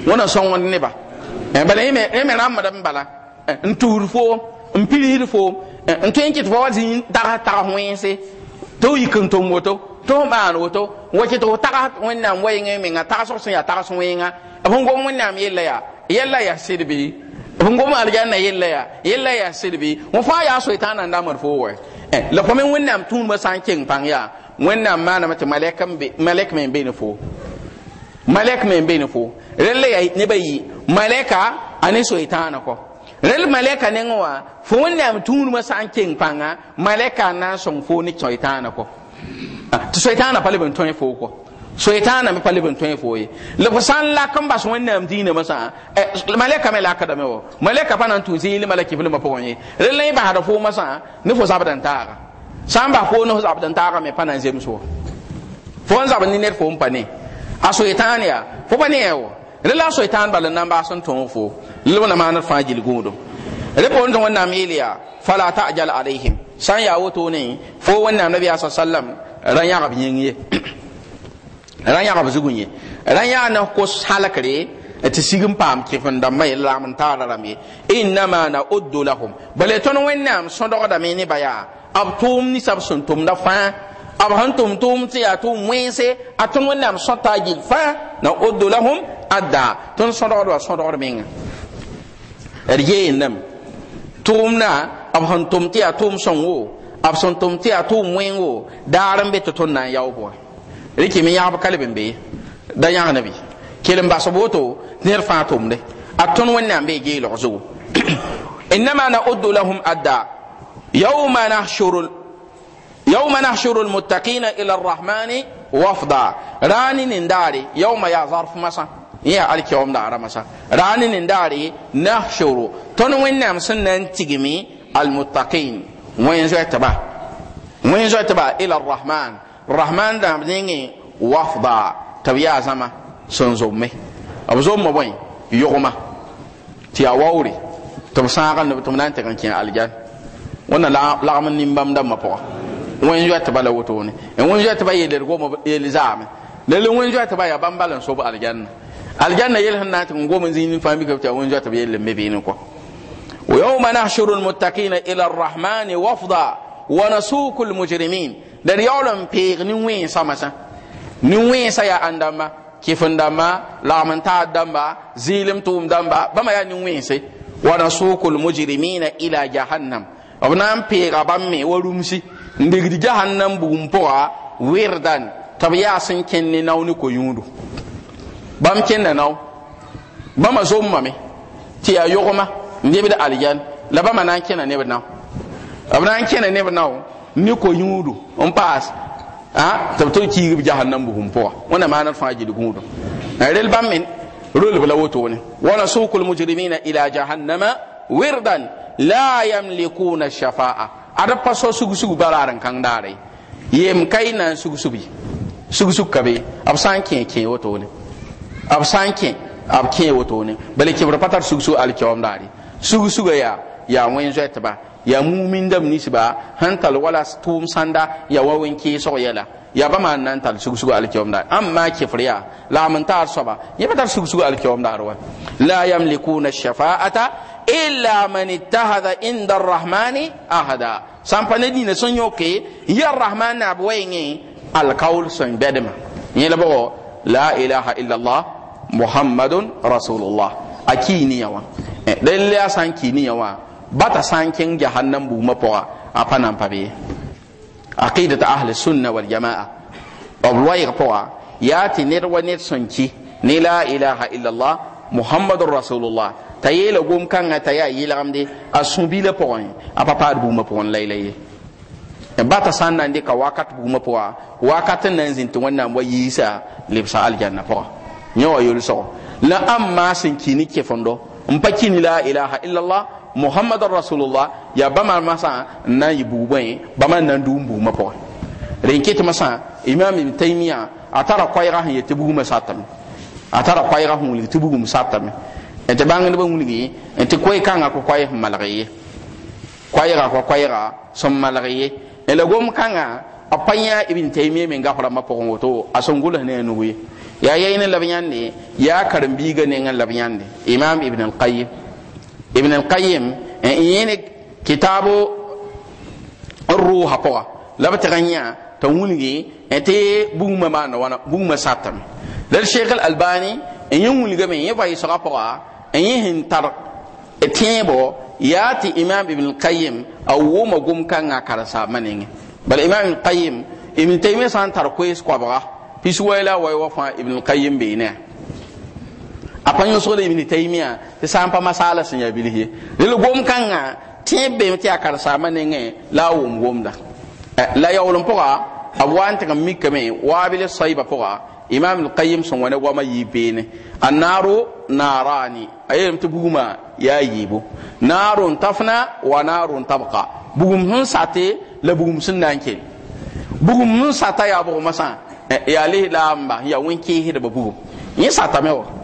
A: wẽna ne ba? Eh, bala yẽ me eh, rãmbd n bala n tuusd fo, n pirisd fo. n tõe n kɩt fa wa zĩig tags tag wẽense tɩ f yik n tʋm woto tɩ f maan woto wa kɩt f tags wẽnnaam wɛɩngẽ menga tagsg sẽn yaa tags wẽnga b n gom wẽnnaam yella yaa yella yaa sɩdbe b n gom aljanna yella yaa yella yaa sɩdbe wõ fãa yaa soɩtãana n damr foo wɛ eh, la fo me wẽnnaam tũudmã sã n keng pãng yaa wẽnnaam maaname tɩ malɛk me n be fo malɛk me n be fo rẽl la yaa nebã yi malɛka a ne soɩtãana kɔ rel malɛka neng wã fo wẽnnaam tũudmã sã n san pãnga malɛka n na n sõng foo ne soɛtãana kɔ tɩ soɛtãana pa leb fo ko, foo kɔ soɛtãana me pa leb n tõe foo ye la fo sã n lak n me lakdame wa me pa na n tũ zĩilmã la kɩflmã pʋgẽ ye rel la y basda fo ma sa, taaga sã n bas san ba fo zabd n taaga me pa na n fo n ne fo ne a soɛtãan fo pa ne ã rela shaitan bal nan ba sun ton fo lo na manar fa jil gudo repon don wannan miliya fala ta'jal alaihim san ya woto ne fo wannan nabi sallallahu ran ya gab yin ran ya gab zugun ran ya na ko halakare ti sigin pam ke fanda mai lamun tara rame inna ma na uddu lahum bale ton wannan sun dogo da me ne baya ab tum ni sab sun tum da fa أبا هنتم توم تي أتوم ويسي أتوم ونام سطا جلفا نعود لهم أدا تون سنرور وسنرور مين رجي تومنا توم نا أبا هنتم تي أتوم سنو أبا هنتم تي أتوم وينو دارم بتتون نا يوبوا ريكي مي يابا كالبن بي دا يان نبي كيلم باسبوتو نير فاتوم دي أتون ونام بي جيل عزو إنما نعود لهم أدا يوم نحشر يوم نحشر المتقين إلى الرحمن وفدا راني ننداري يوم يا ظرف مسا يا ألك يوم دار مسا راني ننداري نحشر تنوين نام سنن تجمي المتقين وين زوي تبا وين زوي تبا إلى الرحمن الرحمن دام نيجي وفدا تبيا زما سنزومي أبزوم وين يوما تيا ووري تم ساقن تم نانتكن كين الجان وانا لا لا من نيمبام دم ما wẽn zoɛ tɩ bala wotone n wẽn zoɛ tɩ ba yeelr gom yel zaame lala wẽn zoɛ tɩ ba yaa bãmb bala n sob aljanna aljanna yel sẽn na n tɩ n gom n zĩig nin fãa mika tɩ yaa wẽn zoɛ tɩ b yell n me beene kɔ ويوم نحشر المتقين إلى الرحمن وفضا ونسوق المجرمين در يولم بيغ نوين سمسا نوين سيا أندما kifin damba lamunta damba zilim tum damba bama ya nin wense wa nasukul mujrimina ila jahannam abnan pega bamme wa rumsi n ligd jahannam bugum pʋga wɩrdan tɩ b yaa sẽn kẽnd ne nao ne ko-yũudu bãmb kẽnda nao bãmba zommame tɩ yaa yogma nebd algan la bãmba na n kẽna neb nao b na n kẽna neb nao ne ko-yũudu n paas tɩ b tɩ b kiig b jahannam bugum pʋga wẽnna maana d fãa gilg gũudu rel bãmb me rol b la wotone wanasuku lmujrimina ila jahannama wirdan la yamlikuna shafa'a ada pa so sugu sugu balaran kan dare yem kai na sugu subi sugu sugu kabe ab san ke ke woto ne ab san ke ab ke woto ne bale ke patar sugu sugu al kyom dare sugu sugu ya ya wen zeta ba ya mumin dam nisba hantal wala tum sanda ya wawen ke so yala ya ba man nan tal sugu sugu al kyom dare amma ke friya la man tar soba ya patar sugu sugu al kyom dare wa la yamlikuna shafa'ata illa man ittahada inda ar-rahmani ahada san pa ne dĩinã sẽn yõke n yaa rahman naab wɛɛngẽ alkaol sẽn bɛdmã yẽlb go la ilaha illa allah muhammadun rasulullah a kii niyã wã eh, dẽn le a sã n kii niyã wã bata sã n kẽng jahannam buumã pʋga a pa na n pa bee aqidat ahli sunna waljamaa b loɛɛg pʋga yaa tɩ ned wa ned sẽn ki ne la ilaha illallah allah muhammadun rasulullah t'a yeela gom kãngã t'a yaa yɩlgemde a sũ le pʋgẽ a de buma buumã pʋgẽ layla e bata san nan na ka dɩka wakat buumã pʋga wakat nan na to zĩnd tɩ yi sa, yiisa sa aljanna pʋga yẽ wa yol-sogo la amma sin kini ke fondo kẽfendo n ni la ilaha illallah muhammadur rasulullah ya bãmba masã n na n yɩ buug bõe bãmba n na n dʋʋm buumã pʋgẽ rẽn imam ibn taymiya a qayra koɛɛgã tibu masatam atara qayra a tibu masatam ba tɩ bãngdbã wilgi tɩ ko kãngã kokoɛɛ sẽn malg ye koɛɛga kokoɛɛga sẽn malg ye la gom kãngã a pa yã ibn taimia me gaf rãmbã pʋgẽ woto a sẽn gʋls ne a nugu ye yaa yɛɩne la b yãnde yaa karen-biigã nengẽ la imam ibn alqayim ibn alqayim n e, yẽne kitaabo ruuha pʋga la b tɩg n yã t'a wilgi tɩ bugumã maanda wãna bugumã satame la d sheikh al albani e, n yẽ wilgame yẽ vaɩsgã pʋga Ayi yɩ sẽn tar e tẽebo yaa tɩ imam ibn qayyim a wʋma gom-kãngã karsaamã nengẽ bal imam ibn qayyim ibn taymiya sã n tar koees koabga pis wɛɛla wɛɛ wa fãa ibn qayyim beene a pa yõsgda ibn taymiya tɩ sã n pa masaala sẽn yaa bilsye rel gom-kãngã tẽeb beem tɩ yaa karsaamã nengẽ la a wʋm gomda eh, la yaool n pʋga b wa n tɩg n mikame waabil sayba pʋga imam al-qayyim sun wani goma yi bene annaro narani ayyam ta buguma ya yibo narun tafna wa narun tabqa bugum hun sate la bugum sun nan bugum hun sata ya bu masa eh, ya le lamba ya winki hida bugum yin sata mewa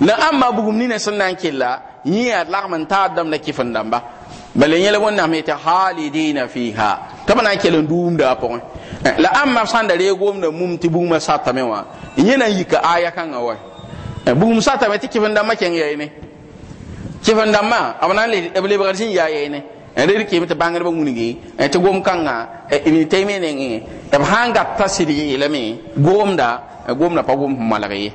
A: Na amma bugum ni ne sun nan la yin ya lagman ta adam na kifin damba balen yele na mai ta halidina fiha tabana ke lan dum da pon la amma san da rego na mumti buma sata wa mewa yi ka aya kan awa bum sata me tikifin eh, da maken eh, yayi ne kifin da ma abana le ebele bagarsin yayi ne en re ki mata bangar ba munigi e ta gom kanga ibn taymi ne ne e hanga tasiri ilami me gomna pa gom malagaye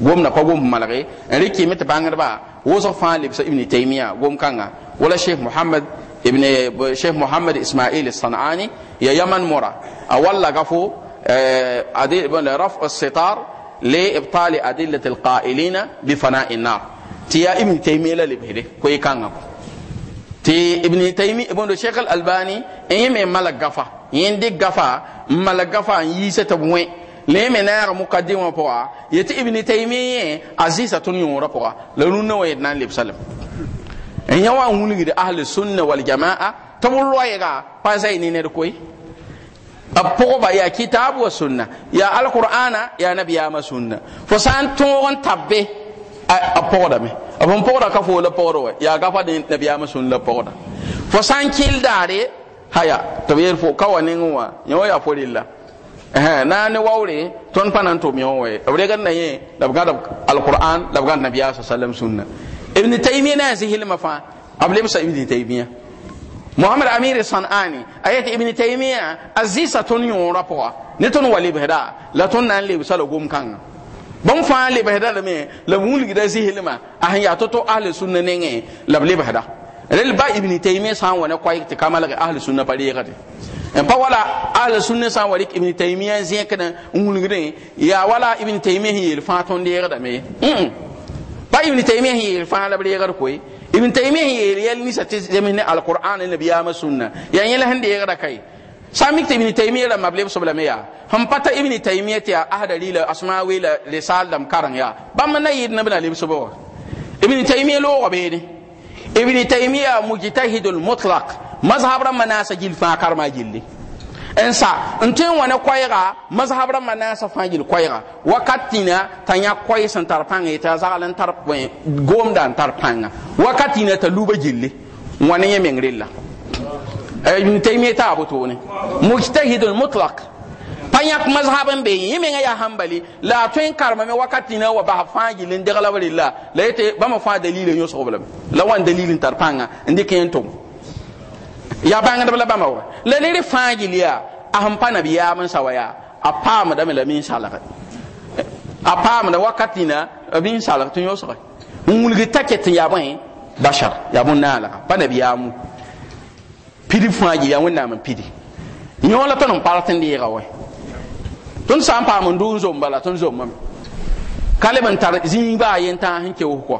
A: gomna pa gom malagaye en eh, re ki mita bangar ba wo so fa libsa ibn taymiya gom ga wala sheikh muhammad ابن شيخ محمد اسماعيل الصنعاني يا يمن مرة اولا قفو آه، رفع الستار لابطال ادله القائلين بفناء النار تيا ابن تيميه لبهده كوي كان تي ابن تيميه ابن الشيخ الالباني من ملك غفا يندي غفا ملك غفا يسه وين من نار مقدمه بوا يتي ابن تيميه عزيزه يورا بوا لنون وين نان لبسلم n yã wa n wilgd ahlsunna waljamaa tɩ b roɛɛga pa zɛ ne ned koe b pʋgba yaa kitaab wa sunna yaa alqur'ana yaa nabiyaamã sunna fo sã n tõog n tab be a pʋgdame b n pʋgda ka fool la pʋgd wɛ yaa gafa ne nabiyaamã sũn la pʋgda fo sã n kɩl daare haya tɩ b yel fo ka wa neng wã yẽ wa yaa fo rella na ne waure tõnd pa na n tʋm A wã wɛ b regd na yẽ la b gãd alqur'an la b gãd nabiyaa sa sallam sunna. ibn taymiya na zai hilma fa ablib sa ibn taymiya muhammad amir sanani ayat ibn taymiya azisa tun yun rapwa ne tun wali bihda la tun nan le sala gum kan bon fa le bihda le me la mul gida zai hilma ah ya to to ahli sunna ne nge la le bihda en pa wala ahli sunna san wali ibn taymiya zai kana ngul ya wala ibn fa de da me mm pa ibn taymiyah yi fa la bari gar koy ibn taymiyah yi yel ni sa tizem ni alquran ni ma sunna ya yel hande yara kai samik te ibn taymiyah la mablem so la meya ham pata ibn taymiyah ti ahda la asma wi la risal dam karang ya bam na yid na bna lib so bo ibn taymiyah lo gobe ni ibn taymiyah mujtahidul mutlaq mazhab manasa jil fa karma jilli ensa sa n tõe n wa sa koɛɛga mazhab wakati na tanya yil san wakat ita zalan yã koɛ sẽn tar pãnge tɩ a zagl n tar goomda n tar pãnga t'a luba ne yẽ meng rella ibn taymiya t'a botone mujtahid mutlak pa yãk be yẽ ya yaa hambali la tun karma me wakati na wa ba fãa gill walilla degla b rella la yetɩ bãmb fãa dalila yõsg b la wan dalilin dalil n yantum ya bãngdb la bãmba wa la ned fãa gil yaa a sẽn pa nabiyaam n sa wa yaa da paamdame min minsalge a paamda wakat nina minsalg tɩ yõsge tun wilgi mun ket n yaa bõe bashar yaa bõn-naalga pa nabiyaam pidi fãa gil yaa wẽnnaam n pidi yõ la tõnd n part n deega wɛ tõnd sã n paam n dʋʋn zom bala tõnd zommame ka leb n tar zĩigba a yen tãag sẽn keoos kɔ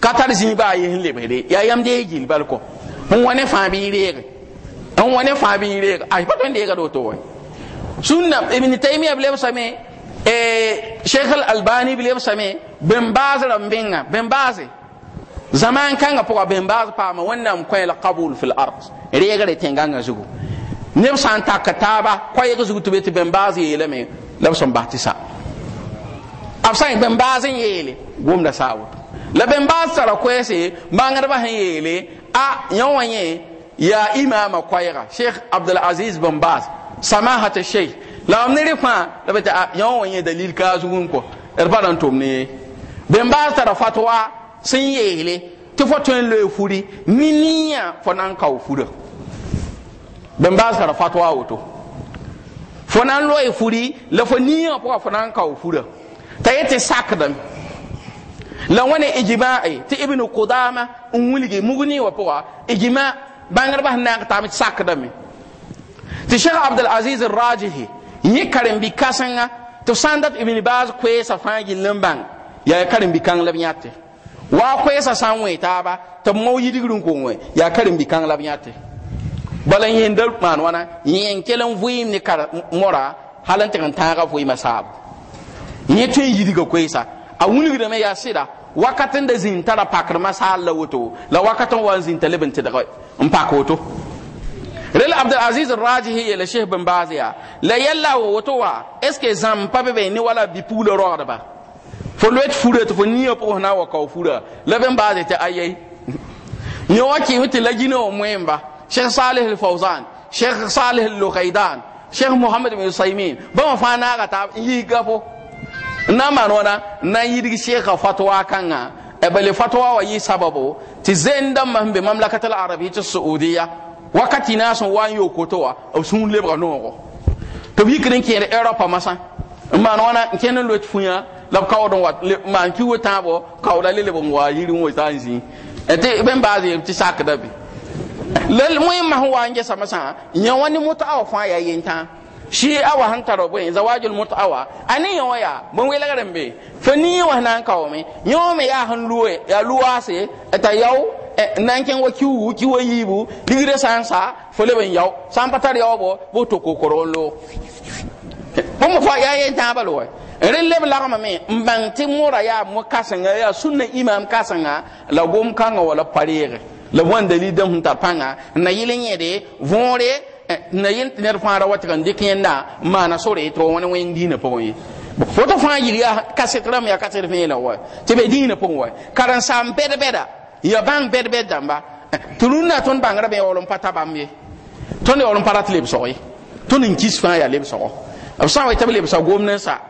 A: ka tar zĩigba a ye sẽn lebsde yaa yãmb deeg gil bal n wa ne fãa bɩ reege rega wa ne fãa bɩ reege a pa tõe n deega woto wa sunna ibn taymia b lebsame e, sheikh al albani b lebsame bẽn baaz rãmb bẽnga bẽn baaze zãmaan kãngã pʋga bẽn baaz paama wẽnnaam kõela kabul fi l ard reegre tẽngãngã zugu neb sã san ta taaba koɛɛg zugu tɩ be tɩ bẽn baaz yeelame la b sẽn bas ben sa b sã bẽn baaz n yeele gomda la ben baaz sara kwese bãngdbã sẽn yeele a yan wã ya imama kwayara sheikh aziz bin bas samahata sheikh la b ne rẽ a la b dalil ka n ko d pa ne bin bas tara fatwa sẽn yeele tɩ fo tõe n furi ni ninyã fo na n fura bin bas tara fatwa woto e fo na n furi la fo ninyã pʋga fo na t'a yetɩ la wani ijma'i ti ibnu qudama un wulige mugni wa poa ijma bangar ba na ta sakdami ti sheikh abdul aziz al rajihi yi karin bi kasanga to sandat ibn baz kwe sa fangi lembang ya karin bi kan labnyate wa kwe sa sanwe ta ba to mo yidigrun ko we ya karin bi kan labnyate balan yin dal man wana yin kelan vuyim ni kar mora halan tan ta ga vuyima sab ni tin yidiga kwe sa a wilgdame ya sɩda wakatɩ da zĩn tara pakrema saal la woto la wakat n wa n zĩn ta leb n tɩdg n pak woto rel abdulaziz rajihi yela sheh bin baaz yaa la yɛlla wa woto wa est ce que zãmb pa be be ne wala bipuugla rɔgdba fo loet fura tɩ fo nia pʋgs na n wa kao fura la bin baaz tɩ ayei yẽ wa kɩɩm tɩ la gina wa moẽmba shekh salih lfauzan shekh salih lokaidan shekh mohamad bin usaimin bãmba fãa naaga ta n yiig gafo na man na yidigi shekha fatwa kanga e bale fatwa wa yi sababu ti zenda mahbe mamlakatul arabiya ta saudiya wakati na sun wan yo kotowa sun lebra nongo to bi kren kiyere europa masa man wana kenen lot funya la kawdon wat man ki wota bo kawda lele bon wa yiri mo tanzi e te e ben bazi ti sakda bi lel muhimma huwa anje samasa nyawani mutaw fa ya yenta shi awa han taro bo zawajul mutawa ani yo ya bon wela garambe fani wa nan kawme yo me ya han luwe ya luwase ta yau e, nan wa kiwu ki wa yibu digre sansa fole ben yau san patar yau bo bo to ko korolo bon fa ya yen ta balo ren leb lagma me n imam la gom wala la na yɩl yẽde Eh, na yin tinar fara wata kan wa tɩ ma na maana sore ito wani wani dina diinã wani ye foto fãa yil ya kaset rãmb ya kaset fẽ yeela wa ce bai dina pʋgẽ wa karan sam bɛd-bɛda ya ban bɛd-bɛd dãmba tɩ tun tõnd bãngrã bẽ yaool n pa ta bãmb ye tõnd yaool n pa rat ye kis fãa yaa lebsgo b sã n wa tɩ b lebsa gomd n sa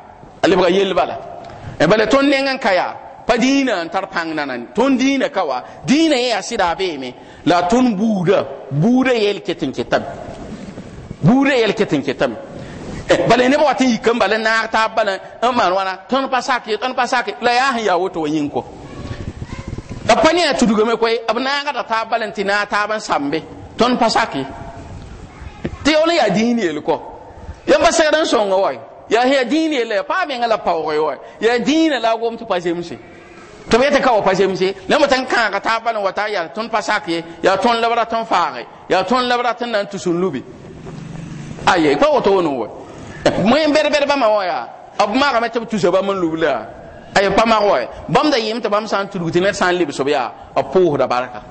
A: lebga yell bala bala tõnd neng n ka pa diinã tar pãng nana tõnd diinã ka wa diinã la ton buuda buuda yel ketin ketab buure yel ketin ketam eh, bale ne ba watin yikan bala na ta bale an man wana ton pasake ton pasake la ya ya woto yin ko da pani ya tudu game koy abna ga ta tin na ta ban sambe ton pasake ti ole ya dini el ko ya ba sai ran songo wai ya ya dini el pa me ngala pa wai ya dini la gom tu pasemse to ta kawo pasemse le mutan tan kan ga ta bale wata ya ton pasake ya ton labra ton faare ya ton labra tan nan tusun lubi aye pa woto wono we mo en ber ber ba ma waya ab ma ga metab tu sabam lubla aye pa ma waya bam da yim ta bam san tu gutin san lib so ya apu da baraka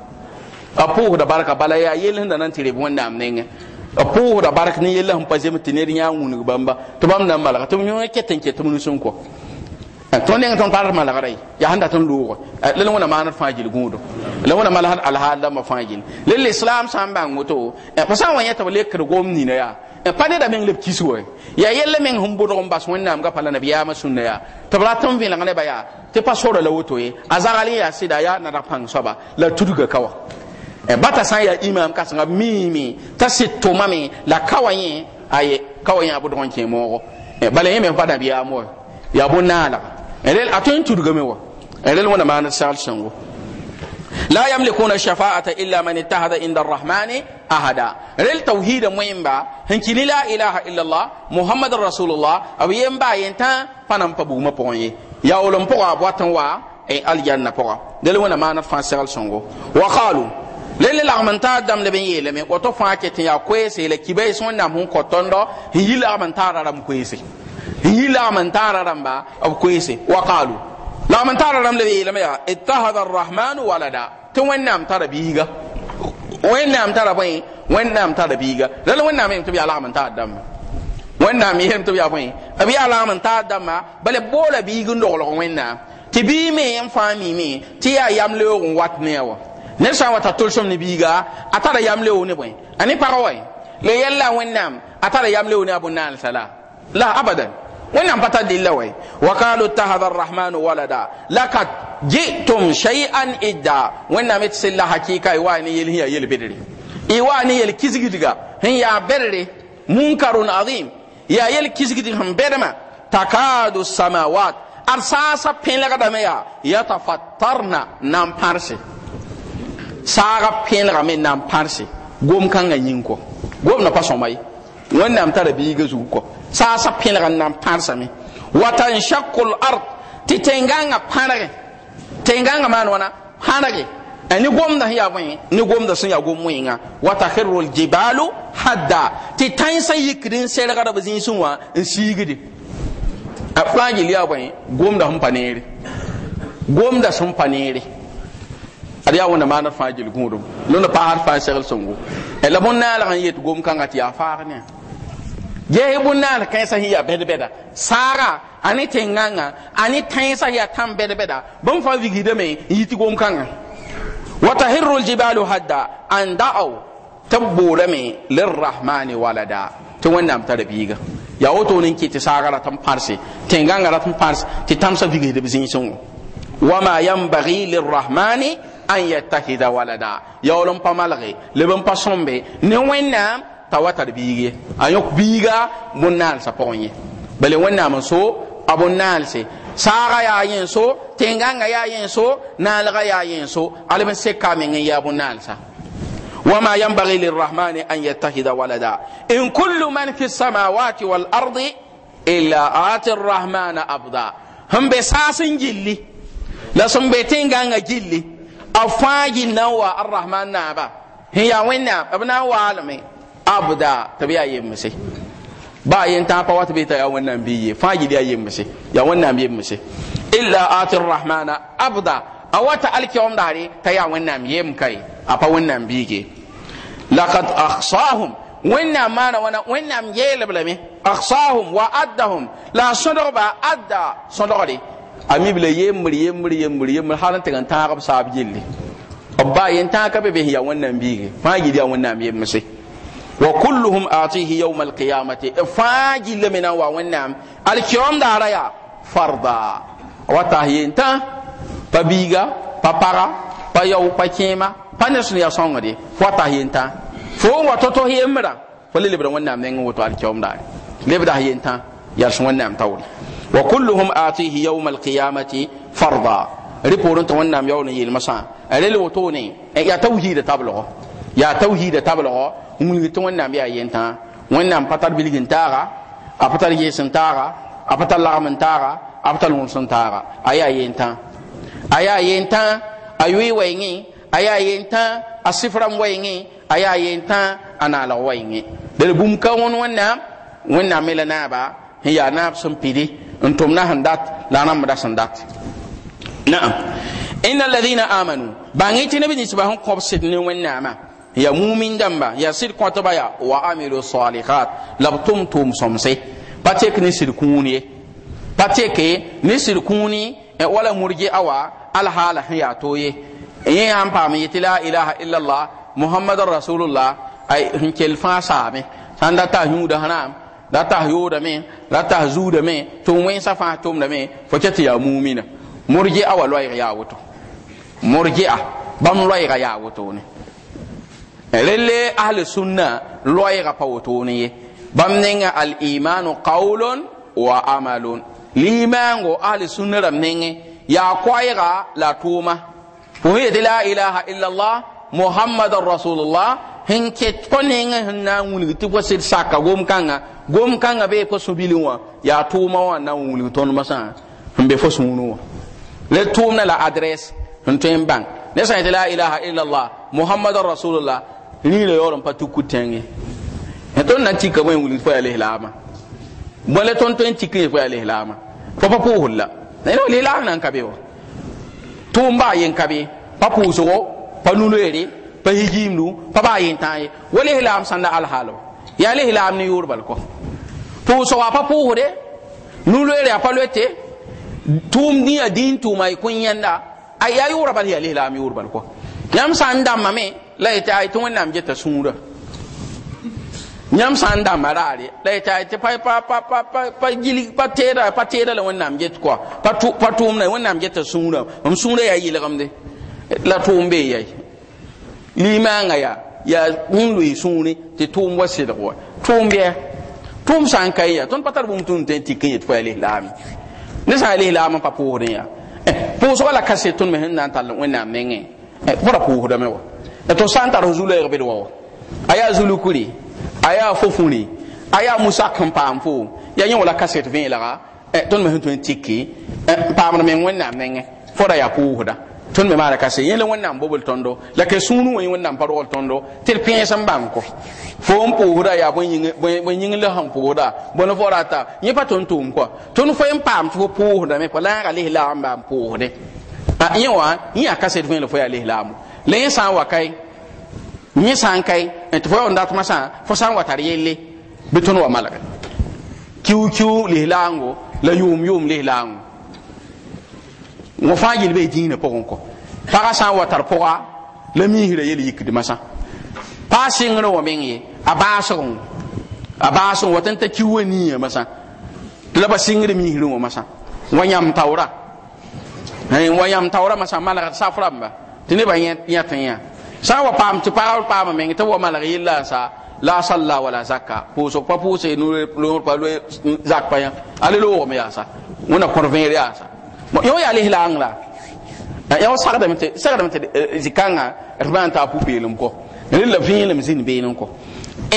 A: apu da baraka bala ya yelin da nan tire wanda am ne a pʋʋsda bark ne yella sẽn pa zems tɩ ned yãa wũnug bãmba tɩ bãmb na n malga tɩ b yõ ket n ket b nusẽn kɔ tõnd neng tõnd paad d malgra ye yaa sẽn dat n loogẽ la la wẽna maan d fãa gil gũudo la wẽna malsd alhaal dãmbã fãa gil la lislam sã n bãng woto pa sã n wa pa da meng leb kis ya yelle yɛllã meng sẽn bʋdg n bas wẽnnaamgã pa la nabiyaamã sũnna yaa tɩ b rat vin vẽlg nebã yaa te pa sora la woto ye a ya sida ya na yaa saba la tuduga kawa e bata sã ya imam imam kãsenga mimi t'a to mami la ka wã aye ka wã yẽ a bʋdg n kẽ moogo e bala yẽ me pa nabiyaam wa yaa bõn-naalga rel e a tõe wa elel wona maan sal sango la yamlikuna shafaata illa man ittahada inda arrahmani ahada rel tawhida moyimba hin kili la ilaha illallah muhammadur rasulullah abi yemba yenta panam pabuma ponye ya olom poa boatan wa e aljanna poa dele wona mana fa segal songo wa qalu lele la manta dam le ben yele me ko to fa ke tin ya kwese le kibe son nam hun kotondo hi la manta raram kwese hi la manta raram ba ab kwese wa qalu la manta raram le yele me ya ittahada arrahman walada to wannam tarabiga wẽnnaam tara bõe wẽnnaam tara biiga rel wẽnnaam yem tɩ b yaa lagm n taad dãmba wẽnnaam yem tɩ b yaa bõe b yaa lagm n taad dãmba bala b boola biig n doglg wẽnnaam tɩ bii me n fãa miime tɩ yaa yam leoog n wat ne a wa ned sã n wa t'a tolsem ne biiga a tara yam leoog ne bõe a ne pagã wa la yɛlla wẽnnaam a tara yam leoog ne a bõn-naan sala la abadan wẽnnaam pa tar dilla wɛ wa qalu tahada arrahmanu walada lakad jitum shay'an idda Wannan d sɩd la hakɩɩka y waa yel sẽn yaa yel-bedre y waa ne yel-kisgdga sẽn yaa bɛdre munkarun azim yaa yel-kisgd sẽn bɛdmã takadu samawat ad saasa pẽlgdame yaa yatafatarna nan pãrse saaga pẽlgame nan pãrse gom-kãngã yĩng ko. Gom na sõma ye wẽnnaam tara biiga zug kɔ saasa pẽlg n na n pãrsame wa tanshaku lard tɩ tẽngãngã pãrge tẽngãngã maan wãna pãrge ni gomda sẽn yaa bõe ni gomda sẽn ya gom wẽnga wa tahiru ljibalu hadda tɩ tãnsã yikd n sɛlgdb zĩisẽ wã n siigde fãa gill yaa bõe gomda sẽn pa neere gomda sẽn pa neere ad yaa wẽnna maana d fãa gill gũudum lona paasd fãa segl sõngo la bõn-naalg n yet gom-kãngã tɩ yaa faag ne yehi bũnna alkãensã sẽn yaa bɛd-bɛda saara a ne tẽngãngã a ne tãensã yaa tãm bɛd-bɛda bõn fãa vigdame n yit gom-kãngã wa tahirru ljibalu hadda an da'aw tɩ b boolame lirrahmani walada tɩ wẽnnaam tara biiga yaa woto n kɩ tɩ saaga rat n pãrse tẽngãngã rat n pãrs tɩ tãmsã vigsd b zĩisẽ wama yambagi lirrahmani an yatahida walada yaool n pa malge leb n pa sõmbe ne wẽnnaam t'a wa tar biig ye a yõk biiga bõn-naalsã pʋgẽ bale wẽnnaam n so a bon saaga yaa yẽn so tẽngãngã yaa yẽn so naalga yaa yẽn so alb n seka meng n yaa bõn-naalsã وما ينبغي للرحمن أن يتخذ ولدا إن كل من في السماوات والأرض إلا آت الرحمن أبدا هم بساس جلي لسم بيتين جلي أفاجي نوى الرحمن نابا هي وين ناب ابنا وعالمي abda tabi b yaa yembse ba yin ta pa wat bɩ ya wannan wẽnnaam bɩ ye fãa yɩl ya yembse yaa wẽnnaam yembse illa ati rahmana abda a wata alkiomdaare t'a yaa wannan yem ka ye a wannan wẽnnaam biige lakad ahsahum wẽnnaam maana wãna wẽnnaam yeelb lame ahsahum wa addahum la a sõdgba adda sõdgre a mib la yembr yembr yembr yembr hal n tɩg n tãagb saab yelle b ba yen tãag ka be bes yaa wẽnnaam biige fãa yɩl yaa wẽnnaam yembse وكلهم آتيه يوم القيامة فاجل من ونعم الكرام داريا فرضا وتهين تا ببيغا ببارا بيو بكيما بنسن يا صنغدي وتهين تا فو وتوتو هي امرا فلي لبر ونام نين وتو الكرام دار لبدا هين تا يرس ونام تاول وكلهم آتيه يوم القيامة فرضا ريبورن تو ونام يوم يلمسا ريل وتوني يا توحيد تابلو يا توحيد تابلو wilgi tɩ wẽnnaam yaa yentã wẽnnaam pa tar bilg n taaga a pa tar yees n taaga a pa tar lagm n taaga a pa tar wũns n taaga a yaa yentã a yaa yentã a yoe wɛɩngẽ a yaa yentã a sɩfra n wɛɩngẽ a yaa yentã a naalg wɛɩngẽ dal bũmb ka wõn wẽnnaam wẽnnaam me la naaba n yaa naab sẽn pidi n na sẽn dat la a rãmbda sẽn dat naam ĩnna alladina amanu bãng-y tɩ neb ninsba sẽn kõb sɩd ne wẽnnaamã ya mumin dãmba ya sɩd kõtba ya wa amilu salihat la b tʋm tʋʋm sõmse pa tek ne sɩd kũun ye pa teke ne sɩd kũuni e wala murgi a wa alhaala sẽn yaa to ye yẽ sãn paam yɩ tɩ la ilaha illallah mohammadan rasulullah sẽn kell fãa saame sãn da tas yũuda sẽn rãam da tas yoodame da tas zuudame tʋm wẽnsã fãa tʋmdame fo kɛ tɩ yaa muumina murgi a wa loɛɛg yaa woto murji a bãmb loɛɛga yaa wotone rele ahli sunna loyga pa wotone ye bam nenga al imanu qawlun wa amalun limango ahli sunna ram ya koyga la tuma fo ye la ilaha illa allah muhammadar rasulullah hin ke tonenga hin na wuni ko sir saka gom kanga gom kanga be ko subili wa ya tuma wa na wuni ton masa mbe fo sunu wa le tumna la adresse ntwen bang ne sa la ilaha illa allah muhammadar rasulullah rɩɩra yaoor n pa tuk kutẽngẽ tõnd na n tika bõe wilg fo yaa lislaamã bõla tõnd tõe n tik ye fo yaa lislaamã fo pa pʋʋsd la yẽn lislaam na n ka be wa tʋʋm baa yen ka be pa pʋʋsgo pa nuloeere pa higiimdu pa baa yentã ye wa lislaam sãn da alhaal wa yaa lislaam ne yʋʋr bal kɔ pʋʋsg a pa pʋʋsde nuloeere a pa loete tʋʋm dĩa diin tʋʋma y kõ yẽnda a yaa yʋʋra bal yaa lislaam yʋʋr bal kɔ yãmb sã n dãmbame la y tɩ ay tɩ wẽnnaam geta sũurã yãmb san n dãmba raare la y ay tɩ pa gilg pa teeda pa tera la wẽnnaam get kɔa pa tu wẽnnaam geta sũurã m sũurã yaa yɩlgemde la tʋʋm bee yay limaanga yaa yaa wẽn loe sũure ya tʋʋm wa sɩdg wa tʋʋm bɩa tʋʋm sã n ka ya tõnd pa tar bũmb tʋmd tɩ n tik n yet pa ya lislaame ne sã n lislaam n pa pʋʋsdẽ yaa pʋʋsgã la ka se tõnd me sẽn na n tall wẽnnaam nengẽ eh, pa ra pʋʋsdame wa to san tar zulu ya bidwa aya zulu kuli aya fofuni aya musa kan pamfo ya yin wala cassette vin la eh, ton me hunto tiki eh, pamra me wonna menge fora ya kuhuda ton me mara kase yele wonna bobol tondo la ke sunu woni wonna parol tondo til pin pinsan banko fo mpo huda ya bon yin bon yin le han poda bon fo rata yin pa ton tum ko ton fo en pam fo pohuda me pala ga le la am pam pohude a yin wa yin akaset vin le fo ya le la am la yẽ sã n wa kae yẽ sã n kae tɩ fo yaoon datmã sã fo sã n wa tar yelle bɩ tõnd wa malgd kiu-kiu lislaango la yʋʋm-yʋʋm lislaango wõ fãa yel be y dĩinã pʋgẽ kɔ pagã sã n wa tar pʋga la miisrã yel yikdmã sã paa sɩngrẽ wã meng ye a baasg wõ a baas wa tɩ ta kiu wã niiyã masã tɩ la ba sɩngr miisrẽ wã masã wa yãmb taoora wa yãmb taoora masã malgd saf rãmba tɩ nebã yã tẽ yã sã wa paam tɩ paagr paama meng tɩ wa malg yella sa la salla wala zakka pʋʋsg pa pʋʋse nuur pa zak pa yã ale loogem yaasa wẽna kõr vẽer yaasa yã wa yaa lislaang la yã wa sagdame tɩ segdame tɩ zĩ-kãngã d maan taa pu-peelem kɔ rela vẽelem zĩn beenem kɔ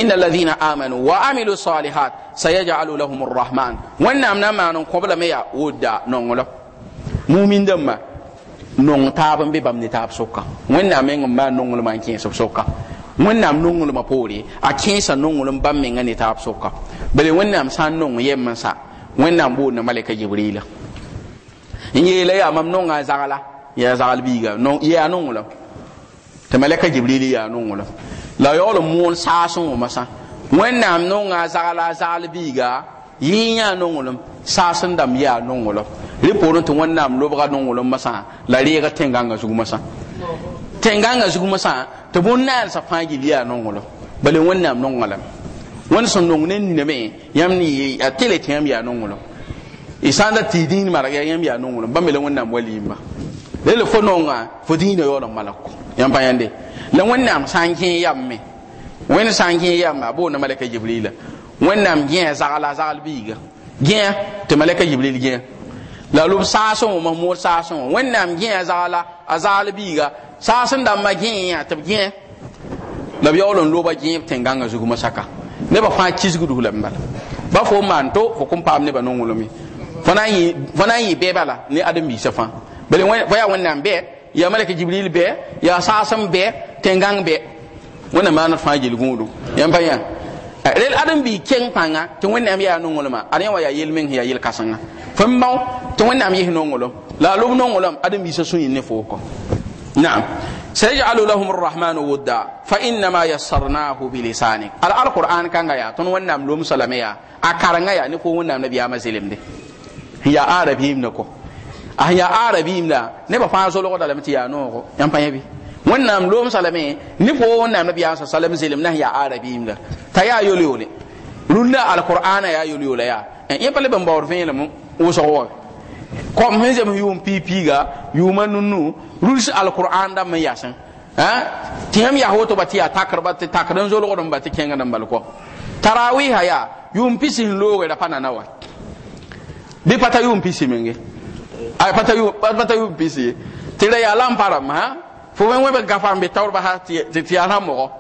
A: إن الذين آمنوا وعملوا الصالحات سيجعل لهم الرحمن وإنما نمان قبل ما يودا نغلق مؤمن دمّا nong taab n be bam ne taab sʋka wẽnnaam meng n maa nonglmã n kẽesb sʋka wẽnnaam nonglmã poore a kẽesa nongl n bãmb menga ne taab sʋka bele wẽnnaam sã n nong yɛm n sa wẽnnaam boodna malɛka jibrila n yeela yaa mam nonga a zagla yaa zagl biiga yaa nonglem tɩ malɛka jibril yaa nonglem la yaool n mool saas n wʋma sã wẽnnaam nonga a zagla a zagl biiga yi yãa nonglem saa sẽn dãmb yaa nonglem rẽ poorẽ tɩ wẽnnaam lobga la reega tẽngãngã zug masã tẽngãngã zug masã tɩ bõn-naan sã fãa gill yaa nonglem bala wẽnnaam nonga lame wẽnd ne niname yãmb ne a tele tɩ yãmb yaa nonglem y sã n da tɩ dĩin marga yãmb yaa nonglem bãmb me la wẽnnaam wa fo nonga fo dĩinã yaoolg malako yãmb pa la wẽnnaam sã yam me wani sã yam a malaka jibrila wẽnnaam gẽ zagla zagl biiga gẽ tɩ malaka jibril gẽ la lʋb saasẽ wã mam moor saasẽ wã wẽnnaam gẽ zagla a zagl biiga saas n dãmbã gẽ yã tɩ b gẽ la b yaool n loba gẽ b tẽn gãngã zugu masaka nebã fãa kisgdf la m bala ba fo n maan to fo kõ paam nebã nonglme fõ na n yɩ bɛ bala ne adem-biisã fãa bele fo yaa wẽnnaam bɛ yaa malaka jibril bɛ yaa saas n bɛ tẽn gãng bɛ wẽnna maan d fãa gel gũudu yãmpa yã rel eh, adam bi keng panga to wani am ya nongolma ari wa ya yelmen ya yel kasanga fam maw to wani am yih nongolo la lub nongolam adam bi sasun ne foko na'am sayaj'alu lahum ar-rahmanu wudda fa inna ma yassarnahu bi lisanik al quran kanga ya ton wani am lum salame ya akaranga ya ne ko wani am ya mazilim de ya arabim ko ah ya arabim da ne ba fa so lo ko dalamti ya no ko yan bi. wẽnnaam loom salame ne fo wẽnnaam nabiyaam sa salam zelem nan yaa arabiimda t'a yaa yol-yoole rũndã alkur'ana yaa yol-yoola yaa eh, yẽ pa le bn baoor vẽelem wʋsg wa kom sẽn zems yʋʋm piig-piiga yʋʋmã nunnu rũls alkur'an dãmb n yasẽ eh? tɩ yãmb yas woto ba tɩ yaa takrba tɩ takd n zolgd n ba tɩ kẽngd n bal kɔ tarawɩɩsã yaa yʋʋm pisi sẽn loogre pa nana wa bɩ pa ta yʋʋm pisi menge ay pa ta yʋʋm pisi tɩ ra yaa la n parem ha fo wen be gafa be tawr ba hati ti ti mɔgɔ mo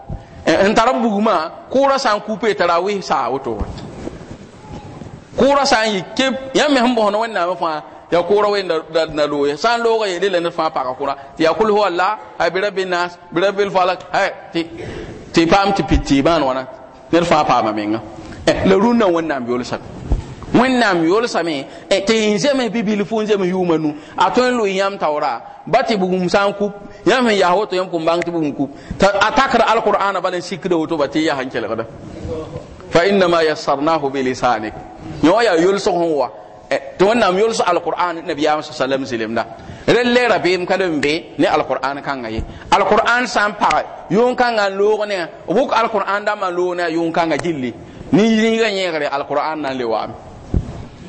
A: e, en tarab buguma kura san kupe tara a wɩs saa woto wa kʋʋrã sã n yɩ ya yãmb me sẽn bõsd wẽnnaame fãa ya kʋʋra wẽnda na looye sã n loogã yeele la ned fãa pagã kura ya kul huwa la a bi rabbin nas bi rabbil falak ban wana ne fa tɩɩ ma wãna ned fãa paama menga e, la rũnnã wẽnnaam yoolsame wẽnnaam yolsame eh, tɩ n zems bibil fo n zem yuuma nu a tõe n loe yãmb taoora ba tɩ bugum sã n kup yãmb sẽn yaas woto yãmb kom bãng tɩ bugum kup tɩ a takr alqurana bala n sikda woto ba tɩ yaa sẽn kelgda fa innama yassarnahu bilisanik yẽ wã yaa yolsg sẽn wa eh, tɩ wẽnnaam yols alqur'an nabiyaam sa salam zelemda rel leera beem ka n be ne alqur'an kãngã ye alqur'an sã n pagɛ yʋʋn-kãngã n loog nea bʋk alqur'an dãmbã n loog ne a yʋʋn-kãngã gilli ni yĩngã yẽgre alqur'an na n le waame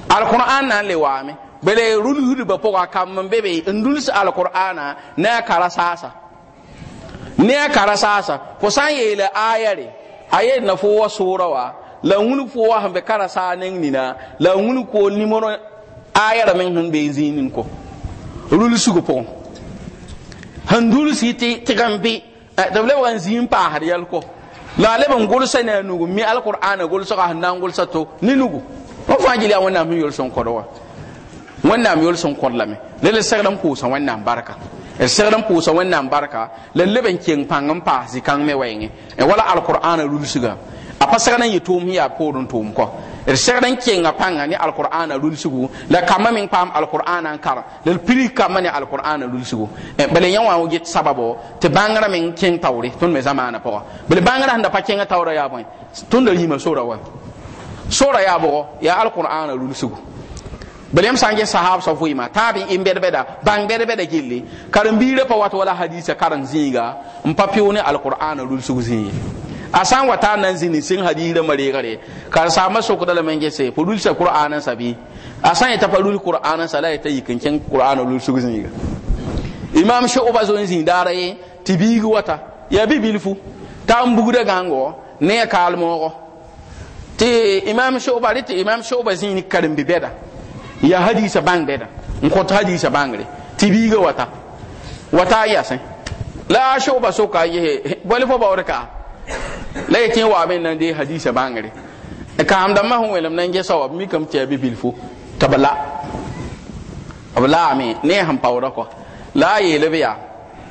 A: alquran na le waame bala rulsdbã pʋga kam n be be n dũls alqurana ne a kara saasa ne a kara saasa fo sã yeele aayare a yeelna fo wa soora wa la wũn fo wa sẽn be kara saa neng nina la wũn kool nimr aayara meng sẽn bee zĩig nin ko rulsg pʋgẽ sẽn dũls tɩ tɩg n bɩ tɩ b le wan zĩig pa paasd yɛl ko la leb n gʋlsa ne a nugu mi alqurana gʋlsga sẽn na n gʋlsa to ni nugu fo fãa gili a wannan sẽn yol sẽn wannan wa wẽnnaam yol sẽn kõd lame la la segd n pʋʋsa wẽnnaam barka d e segd n pʋʋsa wẽnnaam barka la leb n keng pãng n paas zĩ-kãng me wɛɛngẽ e. e wala alkʋr'aana rulsga a pa segd n yɩ tʋʋm sẽn yaa poor n tʋʋm kɔ d segd ni kenga pãnga ne alkʋr'aana rulsgu la kama min paam alkʋr'aana n karen la ni kambã ne alkʋr'aana rulsgu bale yã wã get sababo tɩ bangara min kẽng taoore tun me zamaanã na bala bale sẽn da pa kẽngã taoorã ya bõe tun da rĩĩmã sora wa sora ya bo ya alqur'ana lulsugu belem sange sahab sa fuima tabi da beda bang beda beda gilli karam biire pa wat wala hadisa karan zinga mpapi woni alqur'ana lulsugu zinga asan wata nan zini sin hadira mare gare kar maso so kudala menge se fudul sa qur'ana sabi asan ta fudul qur'ana sala ta yikin kin qur'ana lulsugu zinga imam shu'ba zo zin dare tibigi wata ya bibilfu ta de gango ne kalmo ti imam shoba ti imam shoba zin karim bi beda ya hadisa bang beda ko ta hadisa bangre ti biga wata wata ya sai la shoba so ka ye bole fo bawre ka la yetin wa min nan dai hadisa bangre ka am da mahun welam nan ge sawab mi kam tiabi bilfo tabala abla ami ne han pawra ko la yele biya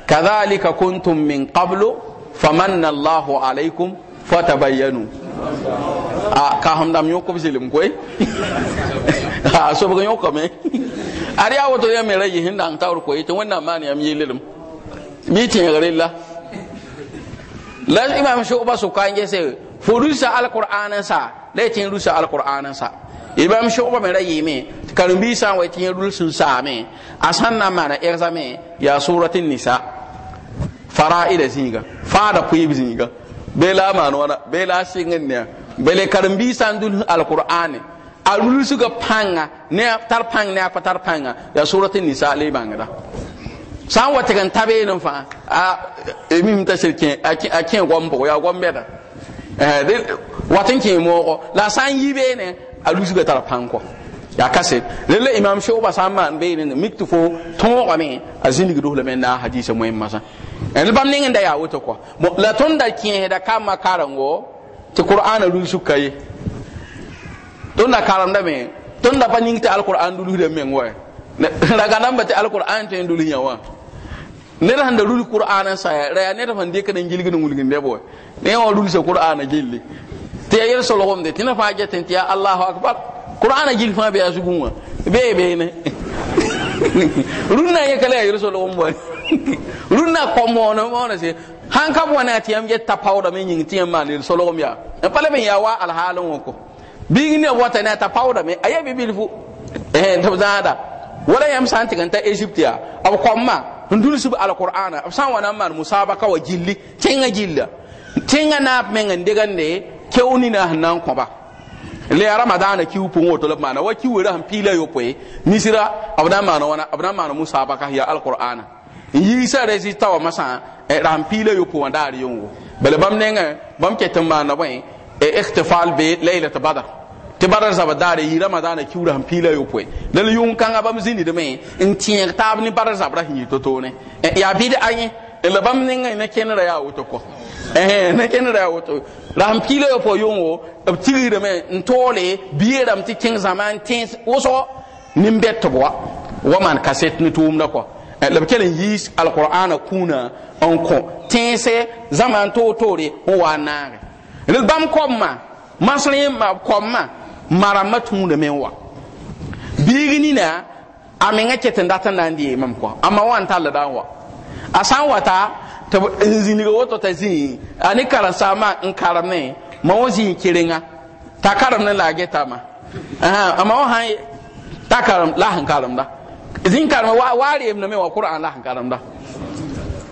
A: kadhalika kuntum min qablu famanna allah alaykum fatabayyanu a ah, ka ham dam yoko biselim koy a ah, so bugo yoko me ari a woto ya mere yi hinda antawr koy to wannan mani am yelelum mi tin garilla la imam ba su ka nge se furusa alquran sa le tin rusa alquran sa imam shuba mere yi me karumbi sa wa tin sun sa me asan na mana examen ya suratin nisa fara'ida zinga fada kuyi zinga bela maan wana bela singin ne bele karambi sandul n dul alkur'ane panga ne tar pãng ne a panga ya pãnga nisa le bãngda san wata kan tabe n fa a emi mta shirke a ken gombo ya gombe da eh watin ke mo la san yibe ne beene a tar pãng ko. ya kase lele imam shoba san man be ne miktu fo ton wa me azini gudu le men na hadisa mo masa en bam ne nda ya woto ko la ton da kin da kama karango ti qur'ana lu sukaye ton da karam da me ton da panin ta alquran dulu de me ngoy daga nan ba ta alquran ta dulu ya wa ne da handa lulu qur'ana sa ya ne da fande kan gilgin mulgin de boy ne wa lulu sa qur'ana gilli te yel so logom de tina fa jatin ya allahu akbar qur'ana gil fa be asugunwa be be ne runna ye kala yir so lo mbo runna ko mo no mo na se han ka bona ti am je tapawda da nying ti am ma le so um ya e pale be ya wa al halon ko bi ne wata na tapawda me aye bi bilfu eh to zada wala yam santi kan ta egyptia ab ko ma ndul sub al qur'ana ab san wana man musabaka wa jilli tinga jilla tinga na me ngande gande kewni na nan ko ba le Ramadan ki upu ngoto le mana wa ki wera han pila yo poe nisira abna mana wana abna mana musa baka ya alqur'ana yi sa rezi tawa masa e ran pila yo poe ndar yongo bele bam nenga bam ketam mana wen e ikhtifal bi laylat badr ti badar zaba dare yi Ramadan ki wera han pila yo poe le yong kanga bam zini de me ntien tab ni badar zabra hi to to ne e ya de anye le bam nenga ne kenra ya wuto ko eh na ken ra woto ram pile fo yongo ab tigire me ntole biyeram ti king zaman tins woso nimbet bo wa man kaset ni tumna ko eh, la kele yis alqur'ana na on ko tinse zaman to tore ho wanare le bam komma masrin ma ma, marama tũuda me wa biig nina a menga ket n dat n na n dɩɩ mam kɔ amma wa n tall da n wa a sã n wata tɩ n zĩlga woto t'a zĩi a ne karen-saamã n karemne ma wã zĩig kerenga t'a karem ne la a getama ma wã sãn t'a karem la sẽn karemda zĩn karema waa reemda me wã kʋrãn la sẽn karemda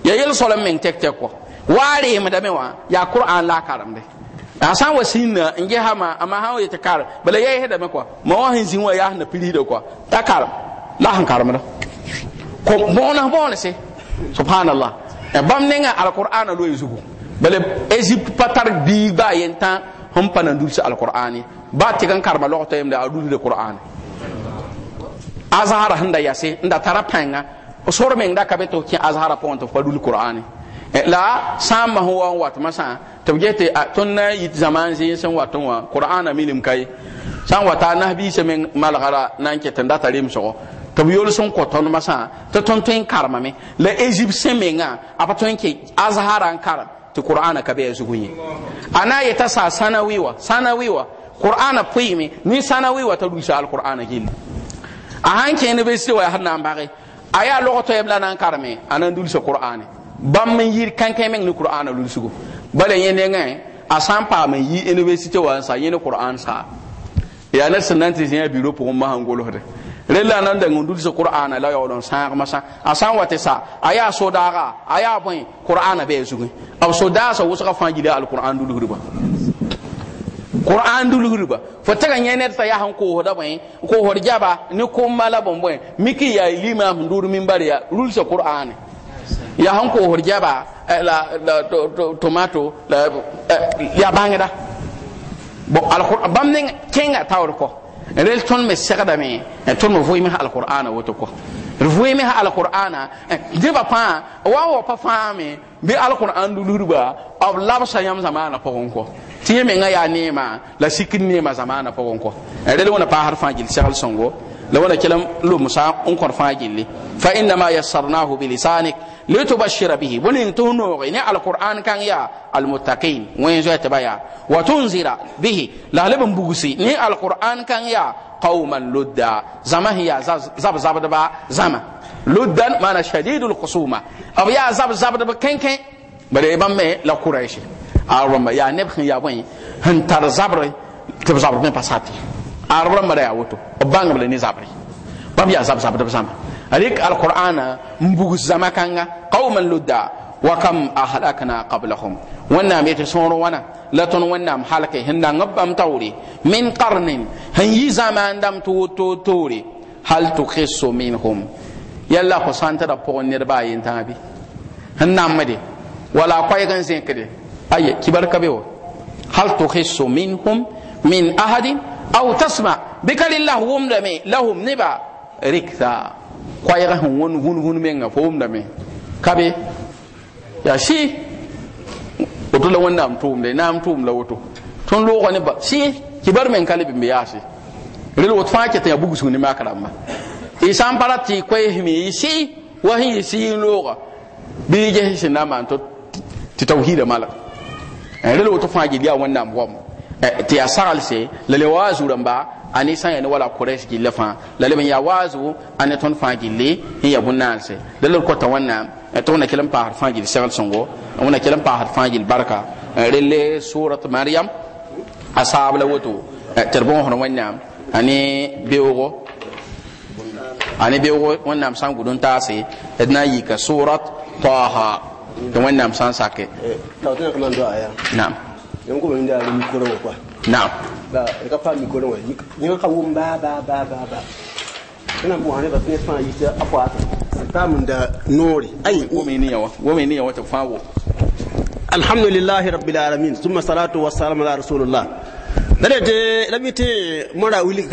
A: ya yel sola meng tɛk-tɛk kɔ waa reemda me wã yaa kʋrãn la a de, a sã n wa sĩnna n gesama ama sãn yetɩ karem bala yɛɛsdame kɔ ma wã sẽn zĩ wã yaa sẽn na pirisda kɔ t'a karem la sẽn karemda bõones bõonese subhanallah bam ne nga alqur'ana lo yusufu bale egypte patar bi ba yenta pana panan dulsa alqur'ani ba ti kan karma lo tayem da adul de qur'an azhara handa yase nda tarapanga sor meng da kabeto ki azhara ponto fa dul qur'ani eh, la sama huwa wat masa tabjete ah, tonna yit zaman zin san waton wa qur'ana milim kai san wata nahbi semen malghara nan ke tanda tarim so tabi b sun sẽn kõ tõnd masã tɩ tõnd tõe n karemame la egipsẽ menga a pa tõe n ke azhara n karem tɩ qur'ana ka bɩa zugu yẽ a na n yeta saa sãna sanawiwa kur'ana sãna wɩ wa qur'ana pʋɩɩme ne sãna kur'ana wa t'a alqur'ana gilli a sãn kẽene be sɩd wa yaa sẽn na n bage a yaa log toɛɛb la na n kareme a na n dulsa qur'ane bãmb n yɩɩr kãn-kẽ meng ne qur'ana lulsgo bala yẽ nengẽ a sã n paam n yɩ université wã n sa yẽ ne qur'an saa yaa ned sẽn na n tɩ biro pʋgẽ masã n golsde rela nan da ngundu so qur'ana la yawon sãag san a san n wa tɩ sa aya yaa sodaaga a yaa bõe qur'ana bɩ a zugẽ b sodaasã wʋsga fãa gila alqur'an dulsdba qur'an dulsdba fo tɩga yẽ ned t'a yaa da koosda bõe koosd gaba ne ni ko bõn bõe mik n yaa limaam sẽn dʋʋr mimbar ya rulsa qur'ane yaa sẽn koosd gaba la tomato yaa bãngda bãmb ne kenga tawr ko. rel tõnd me segdame tõnd me voeeme sã alqurana woto kɔ d voeeme sã alqurana dẽbã pãa wa n wa pa fãame bɩ alqurãn lulsdba b labsa yãmb zamaanã pʋgẽ kɔ tɩ yẽ mengã yaa neemã la sikd neemã zamaanã pʋgẽ kɔ rel wẽna paasd fãa gill segl sõngo la wẽna kell n lʋmsa n kõr fãa gilli fa innama yassarnahu bilisanik لتبشر به بولين تهنوغي ني القرآن كان يا المتقين وين زويت بيا وتنذر به لهلب بوغسي ني يعني القرآن كان يا قوما لدا زما هي زب زب دبا زما لدا ما شديد الخصومة أو يا زب زب دبا كين كين بلي بامي لا قريش أربما يا نبخن يا وين هنتر زبر تبزبر من بساتي أربما يا وتو وبانغ بلي نزبري بام يا زب زب دبا زما عليك القرآن مبوغ الزمكان قوما لدى وكم أهلكنا قبلهم وانام يتسون وانا لتن وانام حالك هندا نبام توري من قرن هن يزمان دم تو تو توري هل تخص منهم يلا خسان ترى بون نربا ينتابي هن مدي ولا قايغن زينكدي أي كبر كبيو هل تخص منهم من أحد أو تسمع بكل الله ومدمي لهم نبا ركثا koɛɛg sẽn wõn vũn vũn menga fo wʋmdame ka be yaa sɩ woto la wẽnnaam tʋʋmde naam tʋʋm la woto tõnd loogã ne ba shi ki bar ka kalibi bɩ ya shi yaase rel woto fãa ket n yaa bugsg ne maak rãmba y sã n pa ra tɩ koɛɛsme shi sɩ wa sẽn yɩ sɩ yĩn looga bɩ y ges sẽn na n maan tɩ tawhiidã e malg eh, rel woto fãa gil yaa wẽnnaam goamã tɩ yaa se la le waazu rãmba a ne sã n wala korɛs gilla fãa la leb n yaa waazu a ne tõnd fãa gilli n yaa bõn-naanse la leb kota wẽnnaam tɩ wẽna kell n paasd fãa gill segl wẽna kell n paasd fãa gill barka relle surat mariam a saab la woto tɩ d bõosd wẽnnaam a ne beoogo a ne beoogo wẽnnaam sã n gud n taase d na n yika surat taha tɩ wẽnnaam sã n sake naam yango bende ali mikolo kwa naam ba ekafa mikolo wa yi ka wumba ba ba ba ba kana mu hane ba tune fa yita afa ata tamun da nori ai wo ne yawa wo me ne yawa ta fawo alhamdulillah rabbil alamin thumma salatu wassalamu ala rasulillah dare de rabite mara wuli